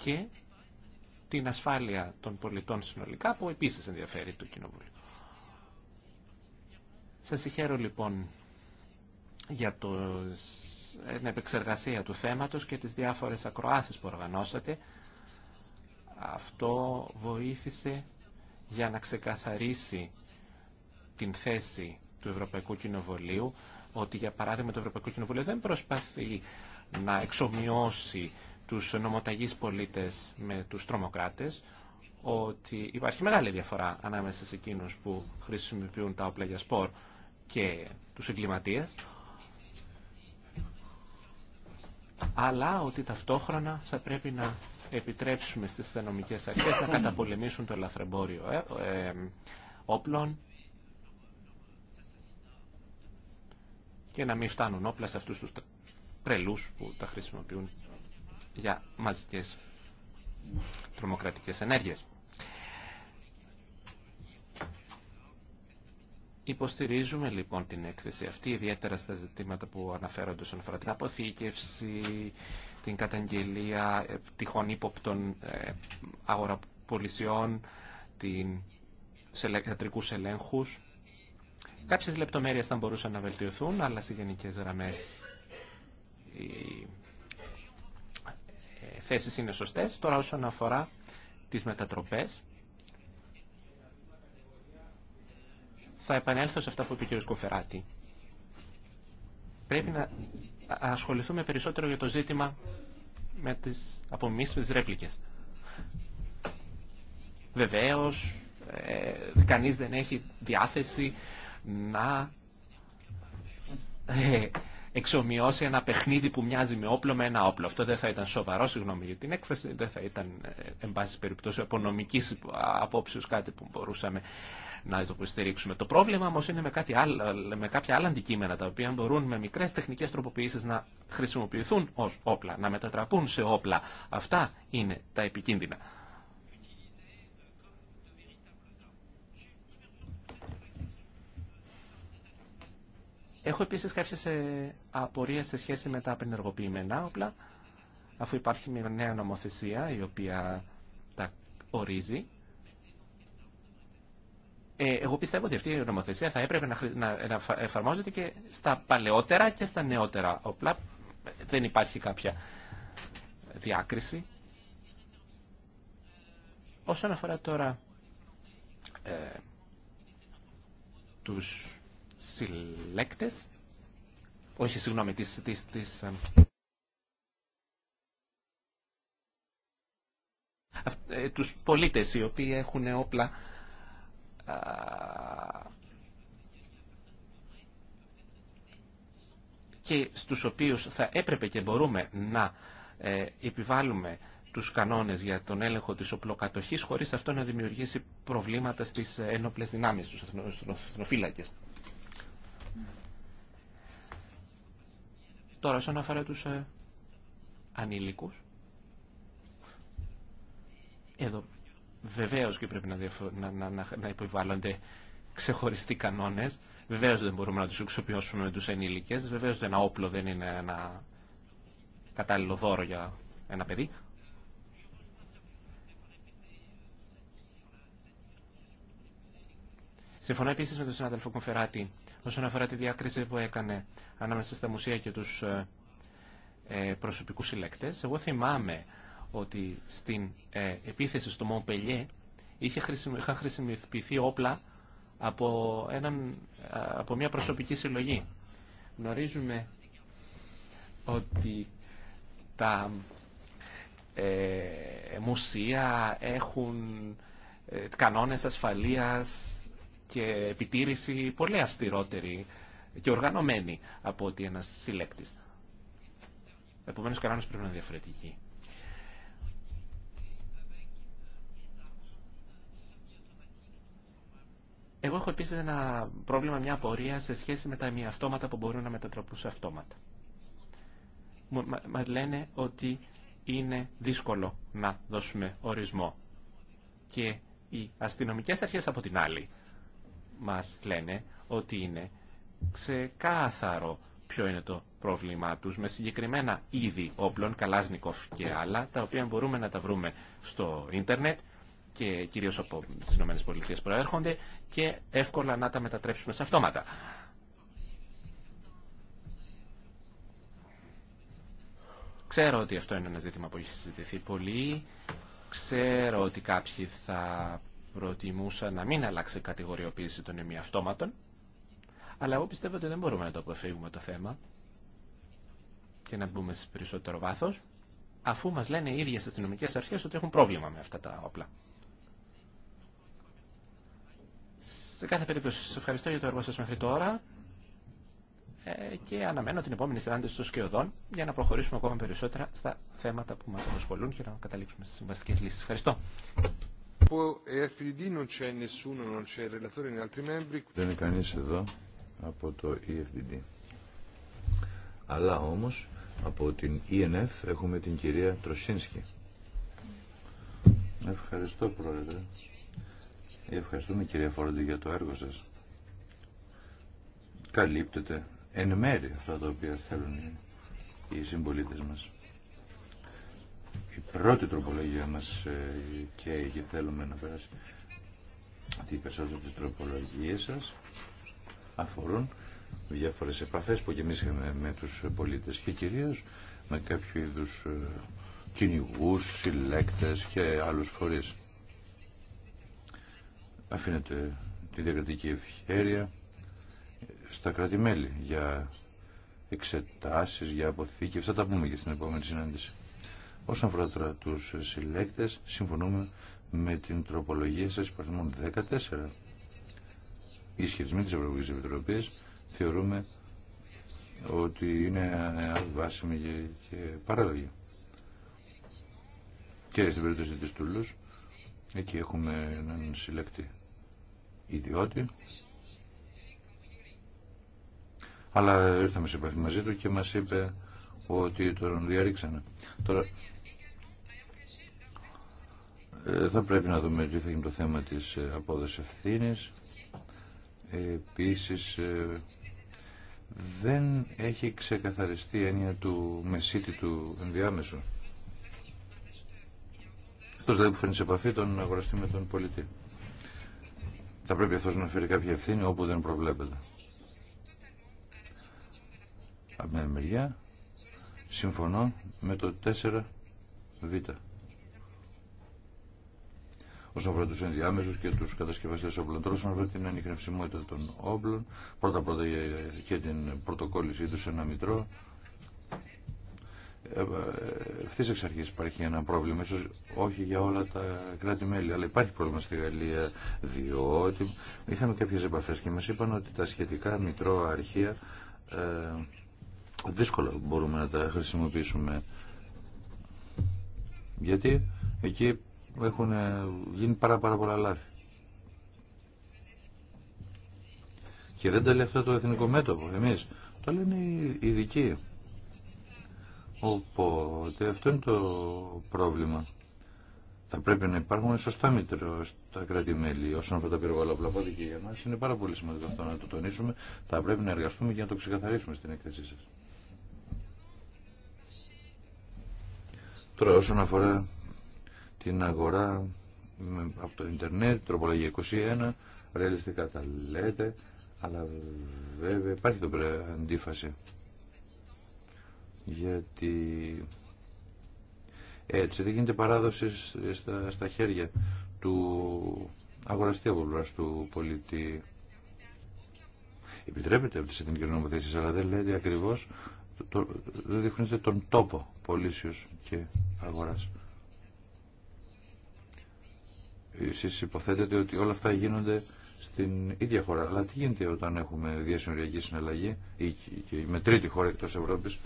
και την ασφάλεια των πολιτών συνολικά που επίσης ενδιαφέρει το Κοινοβούλιο. Σας συγχαίρω λοιπόν για την επεξεργασία του θέματος και τις διάφορες ακροάσεις που οργανώσατε. Αυτό βοήθησε για να ξεκαθαρίσει την θέση του Ευρωπαϊκού Κοινοβουλίου ότι για παράδειγμα το Ευρωπαϊκό Κοινοβούλιο δεν προσπαθεί να εξομοιώσει τους νομοταγείς πολίτες με τους τρομοκράτες ότι υπάρχει μεγάλη διαφορά ανάμεσα σε εκείνους που χρησιμοποιούν τα όπλα για σπορ και τους εγκληματίες αλλά ότι ταυτόχρονα θα πρέπει να επιτρέψουμε στις αστυνομικέ αρχές να καταπολεμήσουν το λαθρεμπόριο ε, ε, όπλων και να μην φτάνουν όπλα σε αυτούς τους τρελούς που τα χρησιμοποιούν για μαζικές τρομοκρατικές ενέργειες. Υποστηρίζουμε λοιπόν την έκθεση αυτή, ιδιαίτερα στα ζητήματα που αναφέρονται στον αφορά την αποθήκευση, την καταγγελία ε, τυχόν ύποπτων ε, αγοραπολισιών, την ιατρικούς ελέγχους. Κάποιες λεπτομέρειες θα μπορούσαν να βελτιωθούν, αλλά σε γενικές γραμμές θέσεις είναι σωστές. Τώρα όσον αφορά τις μετατροπές, θα επανέλθω σε αυτά που είπε ο κ. Κοφεράτη. Πρέπει να ασχοληθούμε περισσότερο για το ζήτημα με τις τις ρέπλικες. Βεβαίως, ε, κανείς δεν έχει διάθεση να ε, εξομοιώσει ένα παιχνίδι που μοιάζει με όπλο με ένα όπλο. Αυτό δεν θα ήταν σοβαρό, συγγνώμη για την έκφραση, δεν θα ήταν, ε, εν πάση περιπτώσει, νομική απόψεω κάτι που μπορούσαμε να το υποστηρίξουμε. Το πρόβλημα όμω είναι με, κάτι με κάποια άλλα αντικείμενα τα οποία μπορούν με μικρέ τεχνικέ τροποποιήσει να χρησιμοποιηθούν ω όπλα, να μετατραπούν σε όπλα. Αυτά είναι τα επικίνδυνα. Έχω επίσης κάποιε απορίε σε σχέση με τα απενεργοποιημένα όπλα, αφού υπάρχει μια νέα νομοθεσία η οποία τα ορίζει. Ε, εγώ πιστεύω ότι αυτή η νομοθεσία θα έπρεπε να εφαρμόζεται και στα παλαιότερα και στα νεότερα όπλα. Δεν υπάρχει κάποια διάκριση. Όσον αφορά τώρα ε, τους συλλέκτες, όχι συγγνώμη, τις, τις, τις, ε, ε, τους πολίτες οι οποίοι έχουν όπλα και στους οποίους θα έπρεπε και μπορούμε να ε, επιβάλλουμε τους κανόνες για τον έλεγχο της οπλοκατοχής χωρίς αυτό να δημιουργήσει προβλήματα στις ένοπλες δυνάμεις, στους εθνοφύλακες. Τώρα, να αφορά τους ε, ανήλικους, εδώ βεβαίως και πρέπει να, να, να, να ξεχωριστοί κανόνες, βεβαίως δεν μπορούμε να τους εξοποιώσουμε με τους ενήλικες, βεβαίως ένα όπλο δεν είναι ένα κατάλληλο δώρο για ένα παιδί, Συμφωνώ επίση με τον συνάδελφο Κομφεράτη όσον αφορά τη διάκριση που έκανε ανάμεσα στα μουσεία και τους ε, ε, προσωπικούς συλλέκτες. Εγώ θυμάμαι ότι στην ε, επίθεση στο Μομπελιέ είχαν χρησιμοποιηθεί όπλα από, έναν, από μια προσωπική συλλογή. Γνωρίζουμε ότι τα ε, μουσεία έχουν ε, κανόνες ασφαλείας και επιτήρηση πολύ αυστηρότερη και οργανωμένη από ότι ένας συλλέκτης. Επομένως, πρέπει να είναι διαφορετικοί. Εγώ έχω επίσης ένα πρόβλημα, μια απορία σε σχέση με τα αυτόματα που μπορούν να μετατραπούν σε αυτόματα. Μας λένε ότι είναι δύσκολο να δώσουμε ορισμό. Και οι αστυνομικές αρχές από την άλλη μας λένε ότι είναι ξεκάθαρο ποιο είναι το πρόβλημά τους με συγκεκριμένα είδη όπλων, καλάσνικοφ και άλλα, τα οποία μπορούμε να τα βρούμε στο ίντερνετ και κυρίως από τις ΗΠΑ προέρχονται και εύκολα να τα μετατρέψουμε σε αυτόματα. Ξέρω ότι αυτό είναι ένα ζήτημα που έχει συζητηθεί πολύ. Ξέρω ότι κάποιοι θα προτιμούσα να μην αλλάξει η κατηγοριοποίηση των ημιαυτόματων, αλλά εγώ πιστεύω ότι δεν μπορούμε να το αποφύγουμε το θέμα και να μπούμε σε περισσότερο βάθο, αφού μα λένε οι ίδιε αστυνομικέ αρχές ότι έχουν πρόβλημα με αυτά τα όπλα. Σε κάθε περίπτωση, σας ευχαριστώ για το έργο σας μέχρι τώρα ε, και αναμένω την επόμενη συνάντηση των σκιωδών για να προχωρήσουμε ακόμα περισσότερα στα θέματα που μας απασχολούν και να καταλήξουμε στις συμβαστικές λύσεις. Ευχαριστώ. Δεν είναι κανείς εδώ από το EFDD. Αλλά όμως από την ENF έχουμε την κυρία Τροσίνσκη. Ευχαριστώ πρόεδρε. Ευχαριστούμε κυρία Φόρντι για το έργο σας. Καλύπτεται εν μέρη αυτά τα οποία θέλουν οι συμπολίτε μας η πρώτη τροπολογία μας ε, και θέλουμε να περάσει ότι οι περισσότερες τροπολογία σας αφορούν διάφορες επαφές που και εμείς είχαμε με τους πολίτες και κυρίως με κάποιο είδους ε, κυνηγού, συλλέκτες και άλλους φορείς. Αφήνεται τη διακρατική ευχαίρεια στα κράτη-μέλη για εξετάσεις, για αποθήκευση Αυτά τα πούμε και στην επόμενη συνάντηση. Όσον αφορά τώρα τους συλλέκτες, συμφωνούμε με την τροπολογία σας παρθμών 14. Οι ισχυρισμοί της Ευρωπαϊκή Επιτροπή, θεωρούμε ότι είναι βάσιμοι και παράλογοι. Και στην περίπτωση της Τούλου, εκεί έχουμε έναν συλλέκτη ιδιώτη, αλλά ήρθαμε σε επαφή μαζί του και μας είπε ότι τον διαρρήξανε. Τώρα, ε, θα πρέπει να δούμε τι θα γίνει το θέμα της ε, απόδοσης ευθύνη. Ε, επίσης, δεν έχει ξεκαθαριστεί η έννοια του μεσίτη του ενδιάμεσου. Αυτός δηλαδή που φέρνει σε επαφή τον αγοραστή με τον πολιτή. Θα πρέπει αυτός να φέρει κάποια ευθύνη όπου δεν προβλέπεται. Από μια μεριά, συμφωνώ με το 4β όσον αφορά του ενδιάμεσου και του κατασκευαστέ όπλων. Τώρα, όσον αφορά την ανιχνευσιμότητα των όπλων, πρώτα-πρώτα και την πρωτοκόλλησή του σε ένα μητρό. Ε, ε, Ευθύ εξ αρχή υπάρχει ένα πρόβλημα, ίσω όχι για όλα τα κράτη-μέλη, αλλά υπάρχει πρόβλημα στη Γαλλία, διότι είχαμε κάποιε επαφέ και μα είπαν ότι τα σχετικά μητρό αρχεία ε, δύσκολα μπορούμε να τα χρησιμοποιήσουμε. Γιατί εκεί έχουν ε, γίνει πάρα, πάρα πολλά λάθη. Και δεν τα λέει αυτό το εθνικό μέτωπο, εμείς. Το λένε οι ειδικοί. Οπότε αυτό είναι το πρόβλημα. Θα πρέπει να υπάρχουν σωστά μήτρα στα κράτη-μέλη όσον αφορά τα πυροβολόπλα. και για μας είναι πάρα πολύ σημαντικό αυτό να το τονίσουμε. Θα πρέπει να εργαστούμε για να το ξεκαθαρίσουμε στην έκθεσή σας. Τώρα όσον αφορά την αγορά από το Ιντερνετ, τροπολογία 21, ρεαλιστικά τα λέτε, αλλά βέβαια υπάρχει το αντίφαση. Γιατί έτσι δεν γίνεται παράδοση στα, χέρια του αγοραστή από του πολίτη. Επιτρέπεται από τι εθνικέ αλλά δεν λέτε ακριβώ δεν δείχνετε τον τόπο πωλήσεω και αγοράς. Εσείς υποθέτετε ότι όλα αυτά γίνονται στην ίδια χώρα. Αλλά τι γίνεται όταν έχουμε διασυνοριακή συναλλαγή ή και με τρίτη χώρα εκτός Ευρώπης.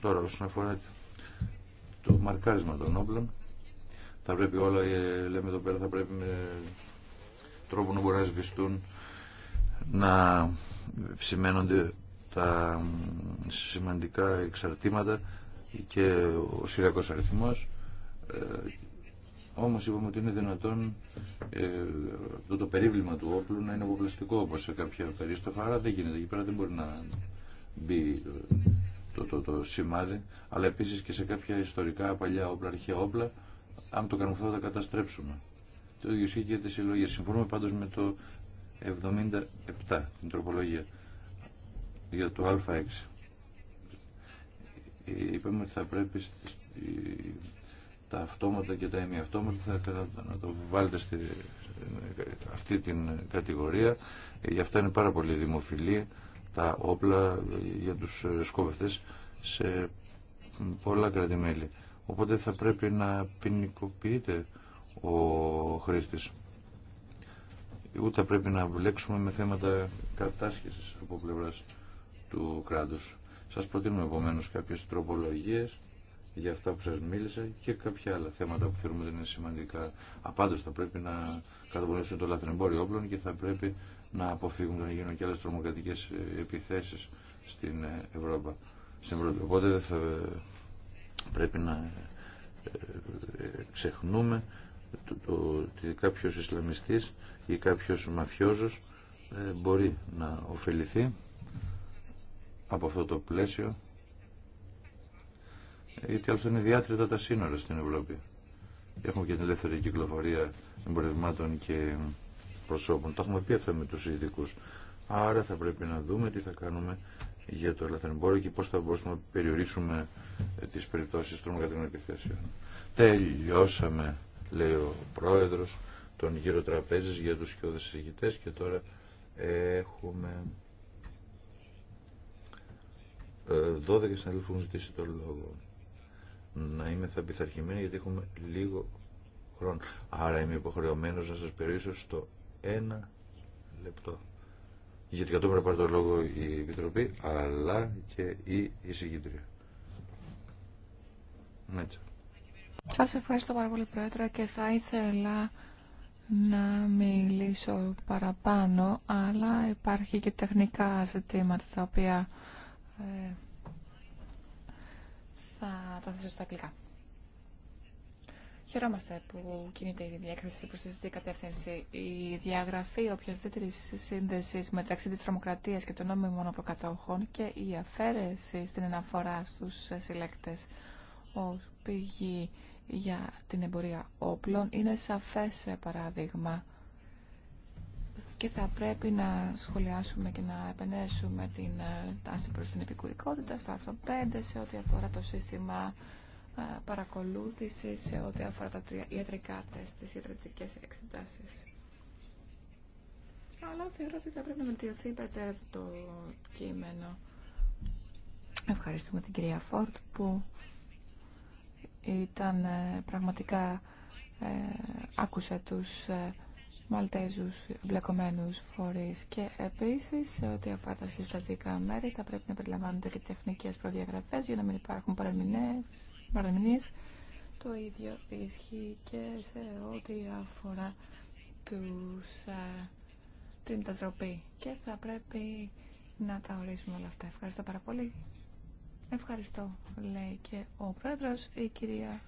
Τώρα όσον αφορά το μαρκάρισμα των όπλων θα πρέπει όλα, ε, λέμε εδώ πέρα, θα πρέπει με τρόπο να μπορέσουν να σβηστούν να τα σημαντικά εξαρτήματα και ο συριακός αριθμός ε, όμως είπαμε ότι είναι δυνατόν ε, το, το περίβλημα του όπλου να είναι αποπλαστικό όπως σε κάποια περίστοφα, άρα δεν γίνεται. Εκεί πέρα δεν μπορεί να μπει το, το, το, το σημάδι, αλλά επίσης και σε κάποια ιστορικά παλιά όπλα, αρχαία όπλα, αν το κάνουμε αυτό θα τα καταστρέψουμε. Το ίδιο ισχύει και για τις συλλογές. Συμφωνούμε πάντως με το 77, την τροπολογία, για το α6. Ε, είπαμε ότι θα πρέπει τα αυτόματα και τα ημιαυτόματα θα ήθελα να το βάλετε στη, αυτή την κατηγορία γι' αυτά είναι πάρα πολύ δημοφιλή τα όπλα για τους σκόπευτες σε πολλά κρατημέλη οπότε θα πρέπει να ποινικοποιείται ο χρήστης ούτε πρέπει να βλέξουμε με θέματα κατάσχεσης από πλευράς του κράτους σας προτείνουμε επομένω κάποιες τροπολογίες για αυτά που σας μίλησα και κάποια άλλα θέματα που θεωρούμε ότι είναι σημαντικά. Απάντως θα πρέπει να καταπονήσουν το λαθρεμπόριο όπλων και θα πρέπει να αποφύγουμε να γίνουν και άλλες τρομοκρατικές ε, επιθέσεις στην ε, Ευρώπη. Στην Ευρώπη. Οπότε θα ε, πρέπει να ξεχνούμε ότι κάποιος Ισλαμιστής ή κάποιος μαφιόζος μπορεί να ωφεληθεί από αυτό το πλαίσιο γιατί άλλωστε είναι διάτριτα τα σύνορα στην Ευρώπη. Έχουμε και την ελεύθερη κυκλοφορία εμπορευμάτων και προσώπων. Το έχουμε πει αυτά με του ειδικού. Άρα θα πρέπει να δούμε τι θα κάνουμε για το εμπόριο και πώ θα μπορούμε να περιορίσουμε ε, τι περιπτώσει των επιθέσεων. Τελειώσαμε, λέει ο πρόεδρο, τον γύρο τραπέζης για του σκιώδες ηγητέ και τώρα έχουμε 12 ε, συναδέλφους που έχουν ζητήσει τον λόγο να είμαι θα πειθαρχημένη γιατί έχουμε λίγο χρόνο. Άρα είμαι υποχρεωμένος να σας περιορίσω στο ένα λεπτό. Γιατί κατόπιν να πάρει το λόγο η Επιτροπή, αλλά και η εισηγήτρια. Έτσι. Ναι, σας ευχαριστώ πάρα πολύ Πρόεδρε και θα ήθελα να μιλήσω παραπάνω, αλλά υπάρχει και τεχνικά ζητήματα τα οποία ε, θα τα θέσω στα αγγλικά. Χαιρόμαστε που κινείται η διέκθεση, προ τη σωστή κατεύθυνση. Η διαγραφή οποιασδήποτε σύνδεση μεταξύ τη τρομοκρατία και των νόμιμων αποκατόχων και η αφαίρεση στην αναφορά στου συλλέκτε ω πηγή για την εμπορία όπλων είναι σαφές παράδειγμα και θα πρέπει να σχολιάσουμε και να επενέσουμε την ε, τάση προς την επικουρικότητα στο άρθρο 5 σε ό,τι αφορά το σύστημα ε, παρακολούθηση, σε ό,τι αφορά τα ιατρικά τεστ, τις ιατρικές εξετάσεις. Αλλά θεωρώ ότι θα πρέπει να βελτιωθεί περαιτέρω το κείμενο. Ευχαριστούμε την κυρία Φόρτ που ήταν ε, πραγματικά άκουσε τους Μαλτέζους εμπλεκομένους φορείς και επίσης σε ό,τι αφορά τα συστατικά μέρη θα πρέπει να περιλαμβάνονται και τεχνικές προδιαγραφές για να μην υπάρχουν παραμηνίες. Το ίδιο ισχύει και σε ό,τι αφορά τους, ε, την μετατροπή και θα πρέπει να τα ορίσουμε όλα αυτά. Ευχαριστώ πάρα πολύ. Ευχαριστώ, λέει και ο πρόεδρος, η κυρία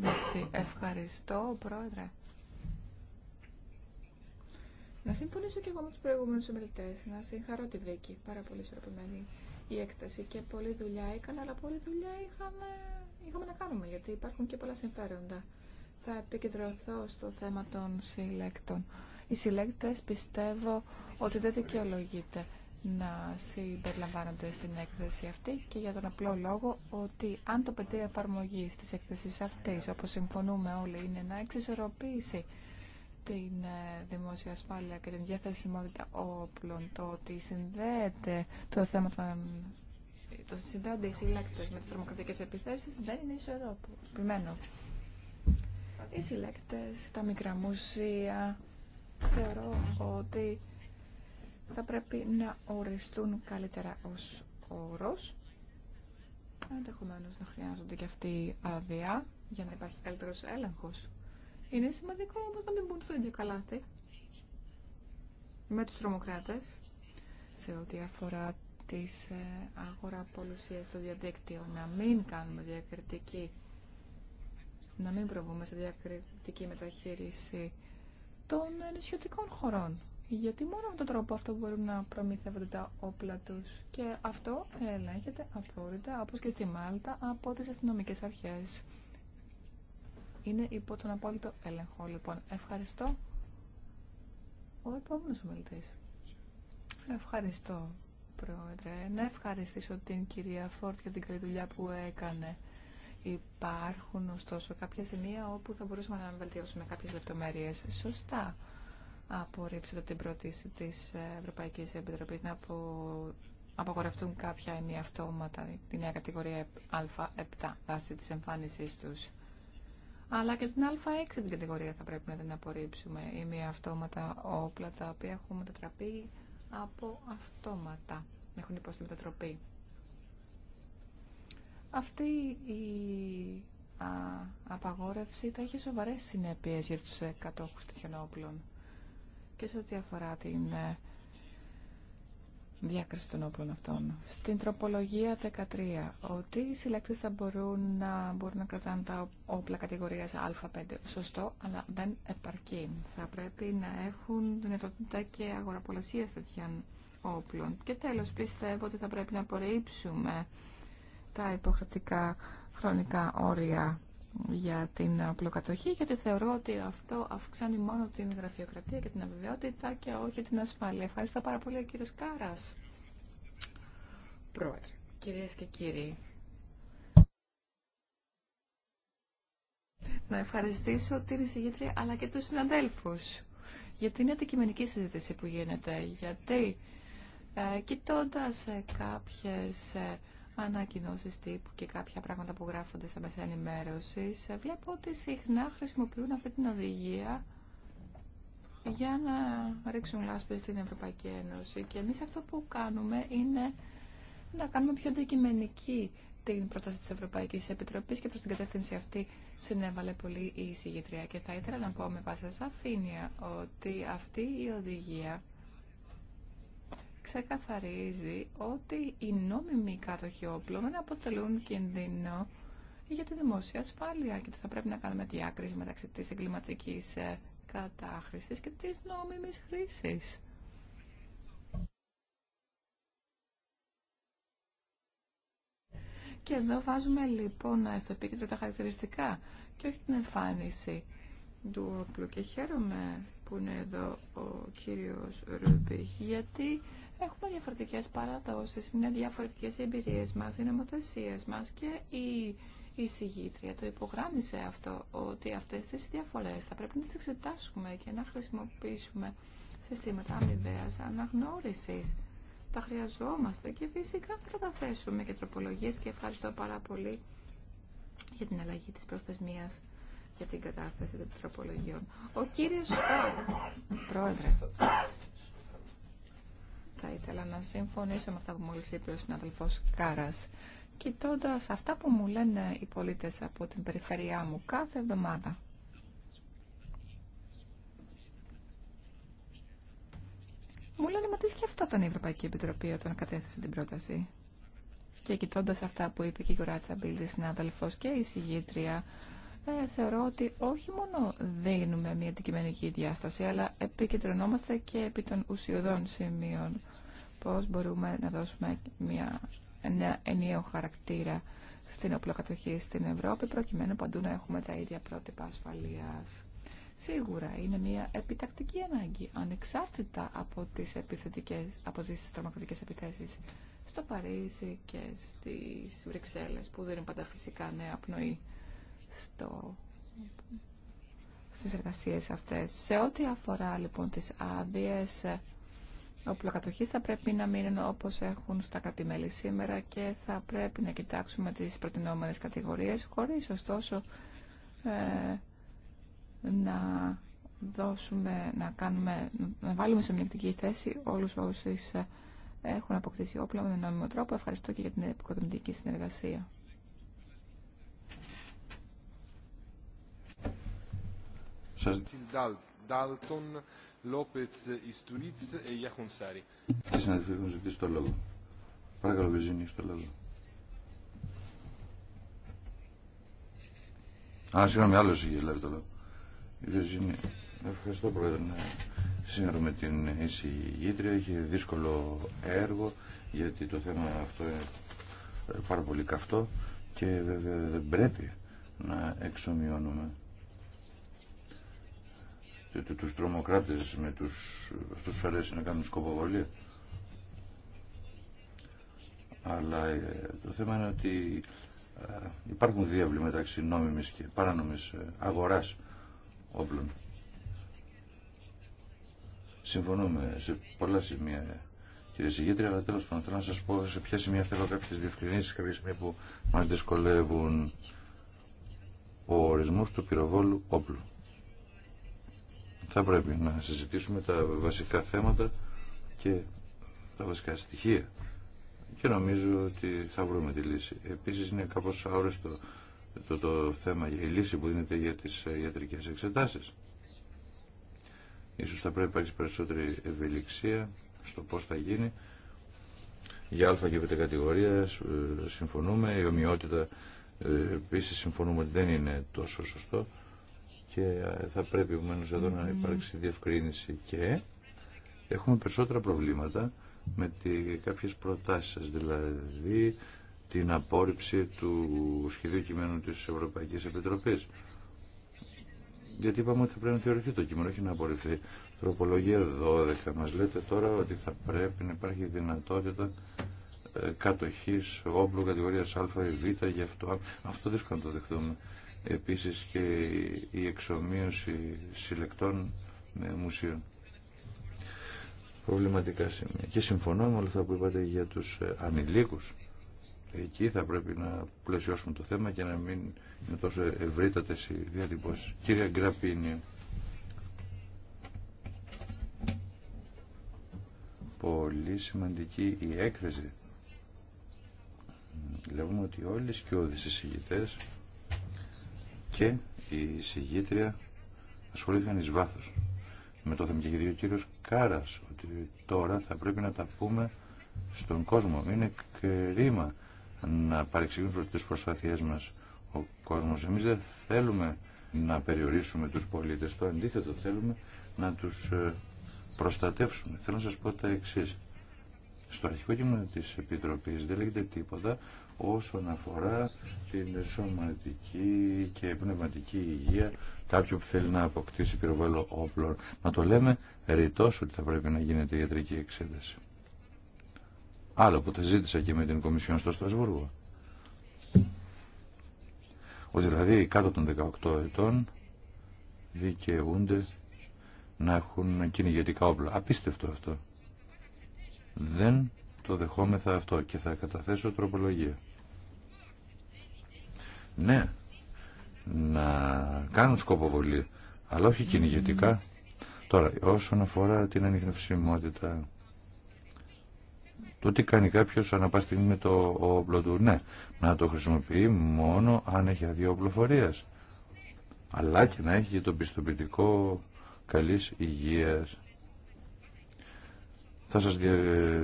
Μίτση. Ευχαριστώ, πρόεδρε. Να συμφωνήσω και εγώ με του προηγούμενου ομιλητέ. Να συγχαρώ τη Βίκη. Πάρα πολύ ισορροπημένη η έκταση και πολλή δουλειά έκανα, αλλά πολλή δουλειά είχαμε, είχαμε να κάνουμε γιατί υπάρχουν και πολλά συμφέροντα. Θα επικεντρωθώ στο θέμα των συλλέκτων. Οι συλλέκτε πιστεύω ότι δεν δικαιολογείται να συμπεριλαμβάνονται στην έκθεση αυτή και για τον απλό λόγο ότι αν το πεδίο εφαρμογή τη έκθεση αυτή, όπω συμφωνούμε όλοι, είναι να εξισορροπήσει την ε, δημόσια ασφάλεια και την διαθεσιμότητα όπλων, το ότι συνδέεται το θέμα των το συνδέονται οι συλλέκτε με τι τρομοκρατικέ επιθέσει δεν είναι ισορροπημένο. Οι συλλέκτε, τα μικρά μουσεία, θεωρώ ότι θα πρέπει να οριστούν καλύτερα ως όρος. Ενδεχομένω να χρειάζονται και αυτή άδεια για να υπάρχει καλύτερο έλεγχο. Είναι σημαντικό όμως να μην μπουν στο ίδιο καλάθι με τους τρομοκράτες σε ό,τι αφορά τις ε, αγορά στο διαδίκτυο να μην κάνουμε διακριτική να μην προβούμε σε διακριτική μεταχείριση των νησιωτικών χωρών γιατί μόνο με τον τρόπο αυτό μπορούν να προμηθεύονται τα όπλα τους και αυτό ελέγχεται έχετε όπως και στη Μάλτα από τις αστυνομικές αρχές είναι υπό τον απόλυτο έλεγχο. Λοιπόν, ευχαριστώ. Ο επόμενο ομιλητή. Ευχαριστώ, Πρόεδρε. Να ευχαριστήσω την κυρία Φόρτ για την καλή δουλειά που έκανε. Υπάρχουν ωστόσο κάποια σημεία όπου θα μπορούσαμε να βελτιώσουμε κάποιε λεπτομέρειε. Σωστά απορρίψετε την πρόταση τη Ευρωπαϊκή Επιτροπή να απο... κάποια ενιαυτόματα, τη νέα κατηγορία Α7, βάσει τη εμφάνισή του αλλά και την α6 την κατηγορία θα πρέπει να την απορρίψουμε ή μία αυτόματα όπλα τα οποία έχουν μετατραπεί από αυτόματα έχουν υποστη μετατροπή αυτή η α, απαγόρευση θα έχει σοβαρές συνέπειες για τους ε, κατόχους τέτοιων όπλων και σε ό,τι αφορά την ε, διάκριση των όπλων αυτών. Στην τροπολογία 13, ότι οι συλλέκτες θα μπορούν να, μπορούν να κρατάνε τα όπλα κατηγορίας Α5. Σωστό, αλλά δεν επαρκεί. Θα πρέπει να έχουν δυνατότητα και αγοραπολασία τέτοιων όπλων. Και τέλος, πιστεύω ότι θα πρέπει να απορρίψουμε τα υποχρεωτικά χρονικά όρια για την απλοκατοχή, γιατί θεωρώ ότι αυτό αυξάνει μόνο την γραφειοκρατία και την αβεβαιότητα και όχι την ασφάλεια. Ευχαριστώ πάρα πολύ, κύριος Κάρας. Πρόεδρε, κυρίες και κύριοι. Να ευχαριστήσω την εισηγήτρια αλλά και τους συναδέλφους. για την αντικειμενική συζήτηση που γίνεται. Γιατί ε, κοιτώντας ε, κάποιες... Ε, ανακοινώσει τύπου και κάποια πράγματα που γράφονται στα μέσα ενημέρωση, βλέπω ότι συχνά χρησιμοποιούν αυτή την οδηγία για να ρίξουν λάσπες στην Ευρωπαϊκή Ένωση. Και εμεί αυτό που κάνουμε είναι να κάνουμε πιο αντικειμενική την πρόταση της Ευρωπαϊκής Επιτροπής και προς την κατεύθυνση αυτή συνέβαλε πολύ η συγγετρία. Και θα ήθελα να πω με πάσα σαφήνεια ότι αυτή η οδηγία ξεκαθαρίζει ότι οι νόμιμοι κάτοχοι όπλων αποτελούν κίνδυνο για τη δημόσια ασφάλεια και θα πρέπει να κάνουμε διάκριση μεταξύ της εγκληματική ε, κατάχρησης και της νόμιμης χρήσης. Και εδώ βάζουμε λοιπόν στο επίκεντρο τα χαρακτηριστικά και όχι την εμφάνιση του όπλου. Και χαίρομαι που είναι εδώ ο κύριος Ρούμπιχ γιατί Έχουμε διαφορετικές παραδόσεις, είναι διαφορετικές οι εμπειρίες μας, οι ομοθεσίες μας και η η συγγήτρια το υπογράμμισε αυτό, ότι αυτές τις διαφορές θα πρέπει να τις εξετάσουμε και να χρησιμοποιήσουμε συστήματα αμοιβαίας αναγνώρισης. Τα χρειαζόμαστε και φυσικά θα καταθέσουμε και τροπολογίες και ευχαριστώ πάρα πολύ για την αλλαγή της προσθεσμίας για την κατάθεση των τροπολογιών. Ο κύριος Πρόεδρε, θα ήθελα να συμφωνήσω με αυτά που μόλις είπε ο συναδελφός Κάρας. Κοιτώντα αυτά που μου λένε οι πολίτες από την περιφερειά μου κάθε εβδομάδα. Μου λένε, μα τι σκεφτόταν η Ευρωπαϊκή Επιτροπή όταν κατέθεσε την πρόταση. Και κοιτώντα αυτά που είπε και η Κουράτσα Μπίλτη, συνάδελφο και η συγγήτρια, ε, θεωρώ ότι όχι μόνο δίνουμε μια αντικειμενική διάσταση, αλλά επικεντρωνόμαστε και επί των ουσιωδών σημείων. Πώς μπορούμε να δώσουμε μια, ένα ενιαίο χαρακτήρα στην οπλοκατοχή στην Ευρώπη, προκειμένου παντού να έχουμε τα ίδια πρότυπα ασφαλείας. Σίγουρα είναι μια επιτακτική ανάγκη, ανεξάρτητα από τις, επιθετικές, από τις τρομακτικές επιθέσεις στο Παρίσι και στις Βρυξέλλες, που δίνουν πάντα φυσικά νέα πνοή στο, στις εργασίες αυτές. Σε ό,τι αφορά λοιπόν τις άδειε οπλοκατοχής θα πρέπει να μείνουν όπως έχουν στα κατημέλη σήμερα και θα πρέπει να κοιτάξουμε τις προτινόμενες κατηγορίες χωρίς ωστόσο ε, να δώσουμε, να, κάνουμε, να βάλουμε σε μνηκτική θέση όλους όσοι έχουν αποκτήσει όπλα με νόμιμο τρόπο. Ευχαριστώ και για την επικοδομητική συνεργασία. Σας... E το λόγο. Παρακαλώ, έχεις το Α, συγγνώμη, λάβει το ευχαριστώ πρόεδρε. Σήμερα με την εισηγήτρια είχε δύσκολο έργο γιατί το θέμα αυτό είναι πάρα πολύ καυτό και βέβαια δεν πρέπει να εξομοιώνουμε τους τρομοκράτες με τους αυτούς αρέσει να κάνουν σκοποβολία αλλά ε, το θέμα είναι ότι ε, υπάρχουν διάβλοι μεταξύ νόμιμης και παράνομης ε, αγοράς όπλων συμφωνούμε σε πολλά σημεία κύριε Συγγήτρια, αλλά τέλος πάντων θέλω να σας πω σε ποια σημεία θέλω κάποιες διευκρινήσεις, κάποια σημεία που μας δυσκολεύουν ο ορισμός του πυροβόλου όπλου θα πρέπει να συζητήσουμε τα βασικά θέματα και τα βασικά στοιχεία και νομίζω ότι θα βρούμε τη λύση. Επίσης είναι κάπως αόριστο το, το θέμα, η λύση που δίνεται για τις ε, ιατρικές εξετάσεις. Ίσως θα πρέπει να υπάρξει περισσότερη ευελιξία στο πώς θα γίνει. Για α και β κατηγορία ε, συμφωνούμε, η ομοιότητα ε, επίσης συμφωνούμε ότι δεν είναι τόσο σωστό και θα πρέπει επομένως εδώ να υπάρξει διευκρίνηση και έχουμε περισσότερα προβλήματα με τη, κάποιες προτάσεις σας, δηλαδή την απόρριψη του σχεδίου κειμένου της Ευρωπαϊκής Επιτροπής. Γιατί είπαμε ότι θα πρέπει να θεωρηθεί το κείμενο, όχι να απορριφθεί. Τροπολογία 12. Μας λέτε τώρα ότι θα πρέπει να υπάρχει δυνατότητα ε, κατοχής όπλου κατηγορίας Α ή Β αυτό. Αυτό δύσκολο να το δεχτούμε επίσης και η εξομοίωση συλλεκτών με μουσείων. Προβληματικά σημεία. Και συμφωνώ με όλα αυτά που είπατε για τους ε, ανηλίκους. Εκεί θα πρέπει να πλαισιώσουμε το θέμα και να μην είναι τόσο ευρύτατες οι διατυπώσεις. Κύριε Γκραπίνη, πολύ σημαντική η έκθεση. Λέγουμε ότι όλοι οι σκιώδεις εισηγητές και η συγγήτρια ασχολήθηκαν εις βάθος με το θέμα και ο κύριος Κάρας ότι τώρα θα πρέπει να τα πούμε στον κόσμο. Είναι κρίμα να παρεξηγούν τις προσπαθίες μας ο κόσμος. Εμείς δεν θέλουμε να περιορίσουμε τους πολίτες. Το αντίθετο θέλουμε να τους ε, προστατεύσουμε. Θέλω να σας πω τα εξής. Στο αρχικό κείμενο της Επιτροπής δεν λέγεται τίποτα όσον αφορά την σωματική και πνευματική υγεία κάποιου που θέλει να αποκτήσει πυροβόλο όπλων. Να το λέμε ρητός ότι θα πρέπει να γίνεται ιατρική εξέταση. Άλλο που τα ζήτησα και με την Κομισιόν στο Στρασβούργο. Ότι δηλαδή κάτω των 18 ετών δικαιούνται να έχουν κυνηγετικά όπλα. Απίστευτο αυτό. Δεν το δεχόμεθα αυτό και θα καταθέσω τροπολογία ναι, να κάνουν σκοποβολή, αλλά όχι κυνηγετικά. Τώρα, όσον αφορά την ανιχνευσιμότητα, το τι κάνει κάποιος ανά με το όπλο του, ναι, να το χρησιμοποιεί μόνο αν έχει αδειοπλοφορία. αλλά και να έχει και το πιστοποιητικό καλής υγείας. Θα σας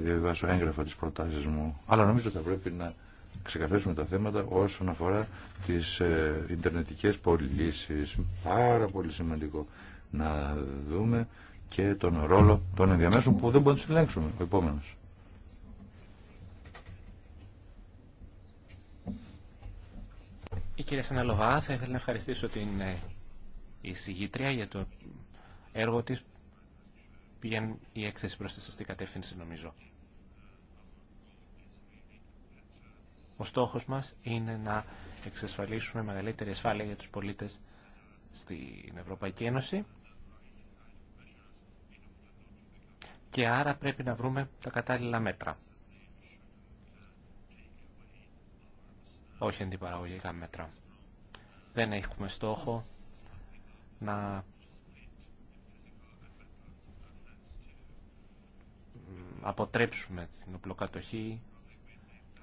διαβάσω έγγραφα τις προτάσεις μου, αλλά νομίζω θα πρέπει να ξεκαθαρίσουμε τα θέματα όσον αφορά τις ε, ιντερνετικές πωλήσεις. Πάρα πολύ σημαντικό να δούμε και τον ρόλο των ενδιαμέσων που δεν μπορούμε να συλλέξουμε. ελέγξουμε. Ο επόμενος. Η κυρία Σαναλοβά, θα ήθελα να ευχαριστήσω την ε, εισηγήτρια για το έργο της. Πήγαινε η έκθεση προς τη σωστή κατεύθυνση, νομίζω. Ο στόχος μας είναι να εξασφαλίσουμε μεγαλύτερη ασφάλεια για τους πολίτες στην Ευρωπαϊκή Ένωση και άρα πρέπει να βρούμε τα κατάλληλα μέτρα. Όχι αντιπαραγωγικά μέτρα. Δεν έχουμε στόχο να αποτρέψουμε την οπλοκατοχή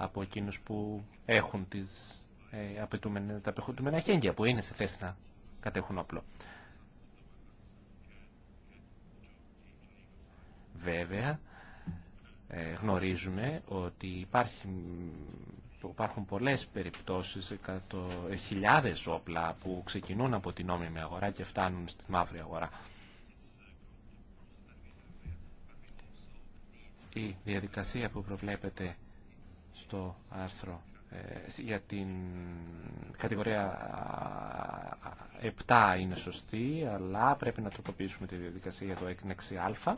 από εκείνους που έχουν τις, ε, τα απαιτούμενα χέγγια, που είναι σε θέση να κατέχουν όπλο. Βέβαια, ε, γνωρίζουμε ότι υπάρχει, υπάρχουν πολλές περιπτώσεις, εκατο, ε, χιλιάδες όπλα που ξεκινούν από την νόμιμη αγορά και φτάνουν στη μαύρη αγορά. Η διαδικασία που προβλέπεται στο άρθρο ε, για την κατηγορία 7 είναι σωστή, αλλά πρέπει να τροποποιήσουμε τη διαδικασία για το 6α.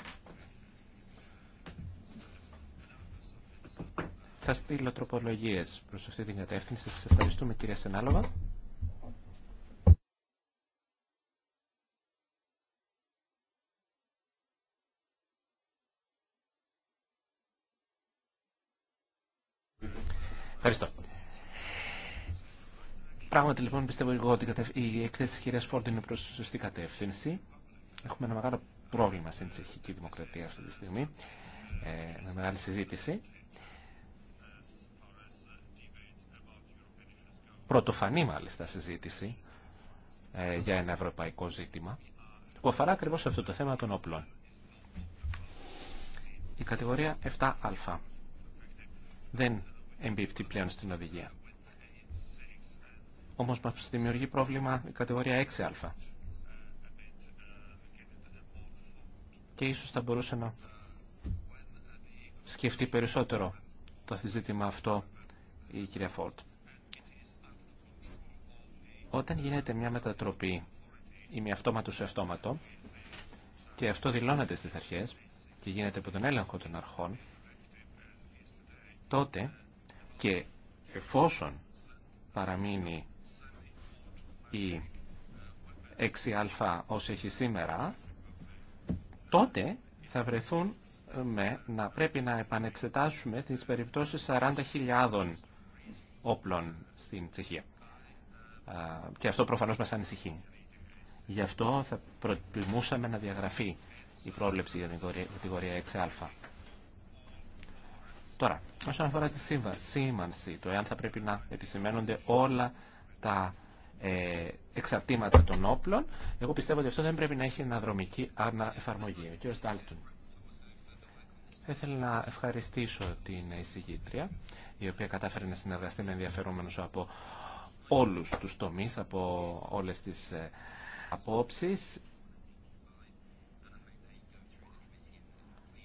Θα στείλω τροπολογίες προς αυτή την κατεύθυνση. Σας ευχαριστούμε κυρία Σενάλογα Ευχαριστώ. Πράγματι λοιπόν πιστεύω εγώ ότι η εκθέση τη κυρία Φόρντ είναι προ σωστή κατεύθυνση. Έχουμε ένα μεγάλο πρόβλημα στην τσεχική δημοκρατία αυτή τη στιγμή, ε, με μεγάλη συζήτηση. Πρωτοφανή μάλιστα συζήτηση ε, για ένα ευρωπαϊκό ζήτημα που αφορά ακριβώ αυτό το θέμα των όπλων. Η κατηγορία 7α δεν εμπίπτει πλέον στην οδηγία. Όμως μας δημιουργεί πρόβλημα η κατηγορία 6α. Και ίσως θα μπορούσε να σκεφτεί περισσότερο το ζήτημα αυτό η κυρία Φόρτ. Όταν γίνεται μια μετατροπή ή μια αυτόματο σε αυτόματο και αυτό δηλώνεται στις αρχές και γίνεται από τον έλεγχο των αρχών, τότε και εφόσον παραμείνει η 6α όσο έχει σήμερα, τότε θα βρεθούν με να πρέπει να επανεξετάσουμε τις περιπτώσεις 40.000 όπλων στην Τσεχία. Και αυτό προφανώς μας ανησυχεί. Γι' αυτό θα προτιμούσαμε να διαγραφεί η πρόβλεψη για την κατηγορία 6α. Τώρα, όσον αφορά τη σήμανση, το εάν θα πρέπει να επισημαίνονται όλα τα ε, εξαρτήματα των όπλων, εγώ πιστεύω ότι αυτό δεν πρέπει να έχει αναδρομική αναεφαρμογή. Ο κ. Ντάλτον. Θα ήθελα να ευχαριστήσω την εισηγήτρια, η οποία κατάφερε να συνεργαστεί με ενδιαφερόμενους από όλους τους τομείς, από όλες τις ε, απόψεις.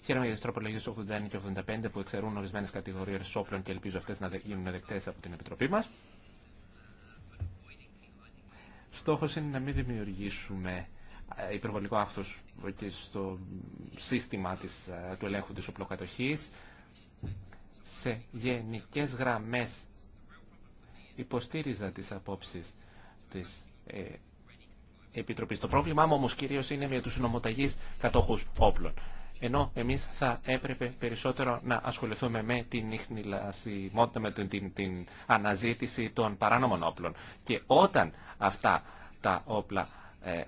Χαίρομαι για τι τροπολογίε 81 και 85 που εξαιρούν ορισμένε κατηγορίε όπλων και ελπίζω αυτέ να γίνουν δεκτέ από την Επιτροπή μα. Στόχο είναι να μην δημιουργήσουμε ε, υπερβολικό άφθος και στο σύστημα της, ε, του ελέγχου τη οπλοκατοχή Σε γενικέ γραμμέ υποστήριζα τι απόψει τη ε, Επιτροπής. Το πρόβλημά μου όμως κυρίως είναι με τους νομοταγείς κατόχους όπλων ενώ εμείς θα έπρεπε περισσότερο να ασχοληθούμε με την, με την, την αναζήτηση των παράνομων όπλων. Και όταν αυτά τα όπλα ε,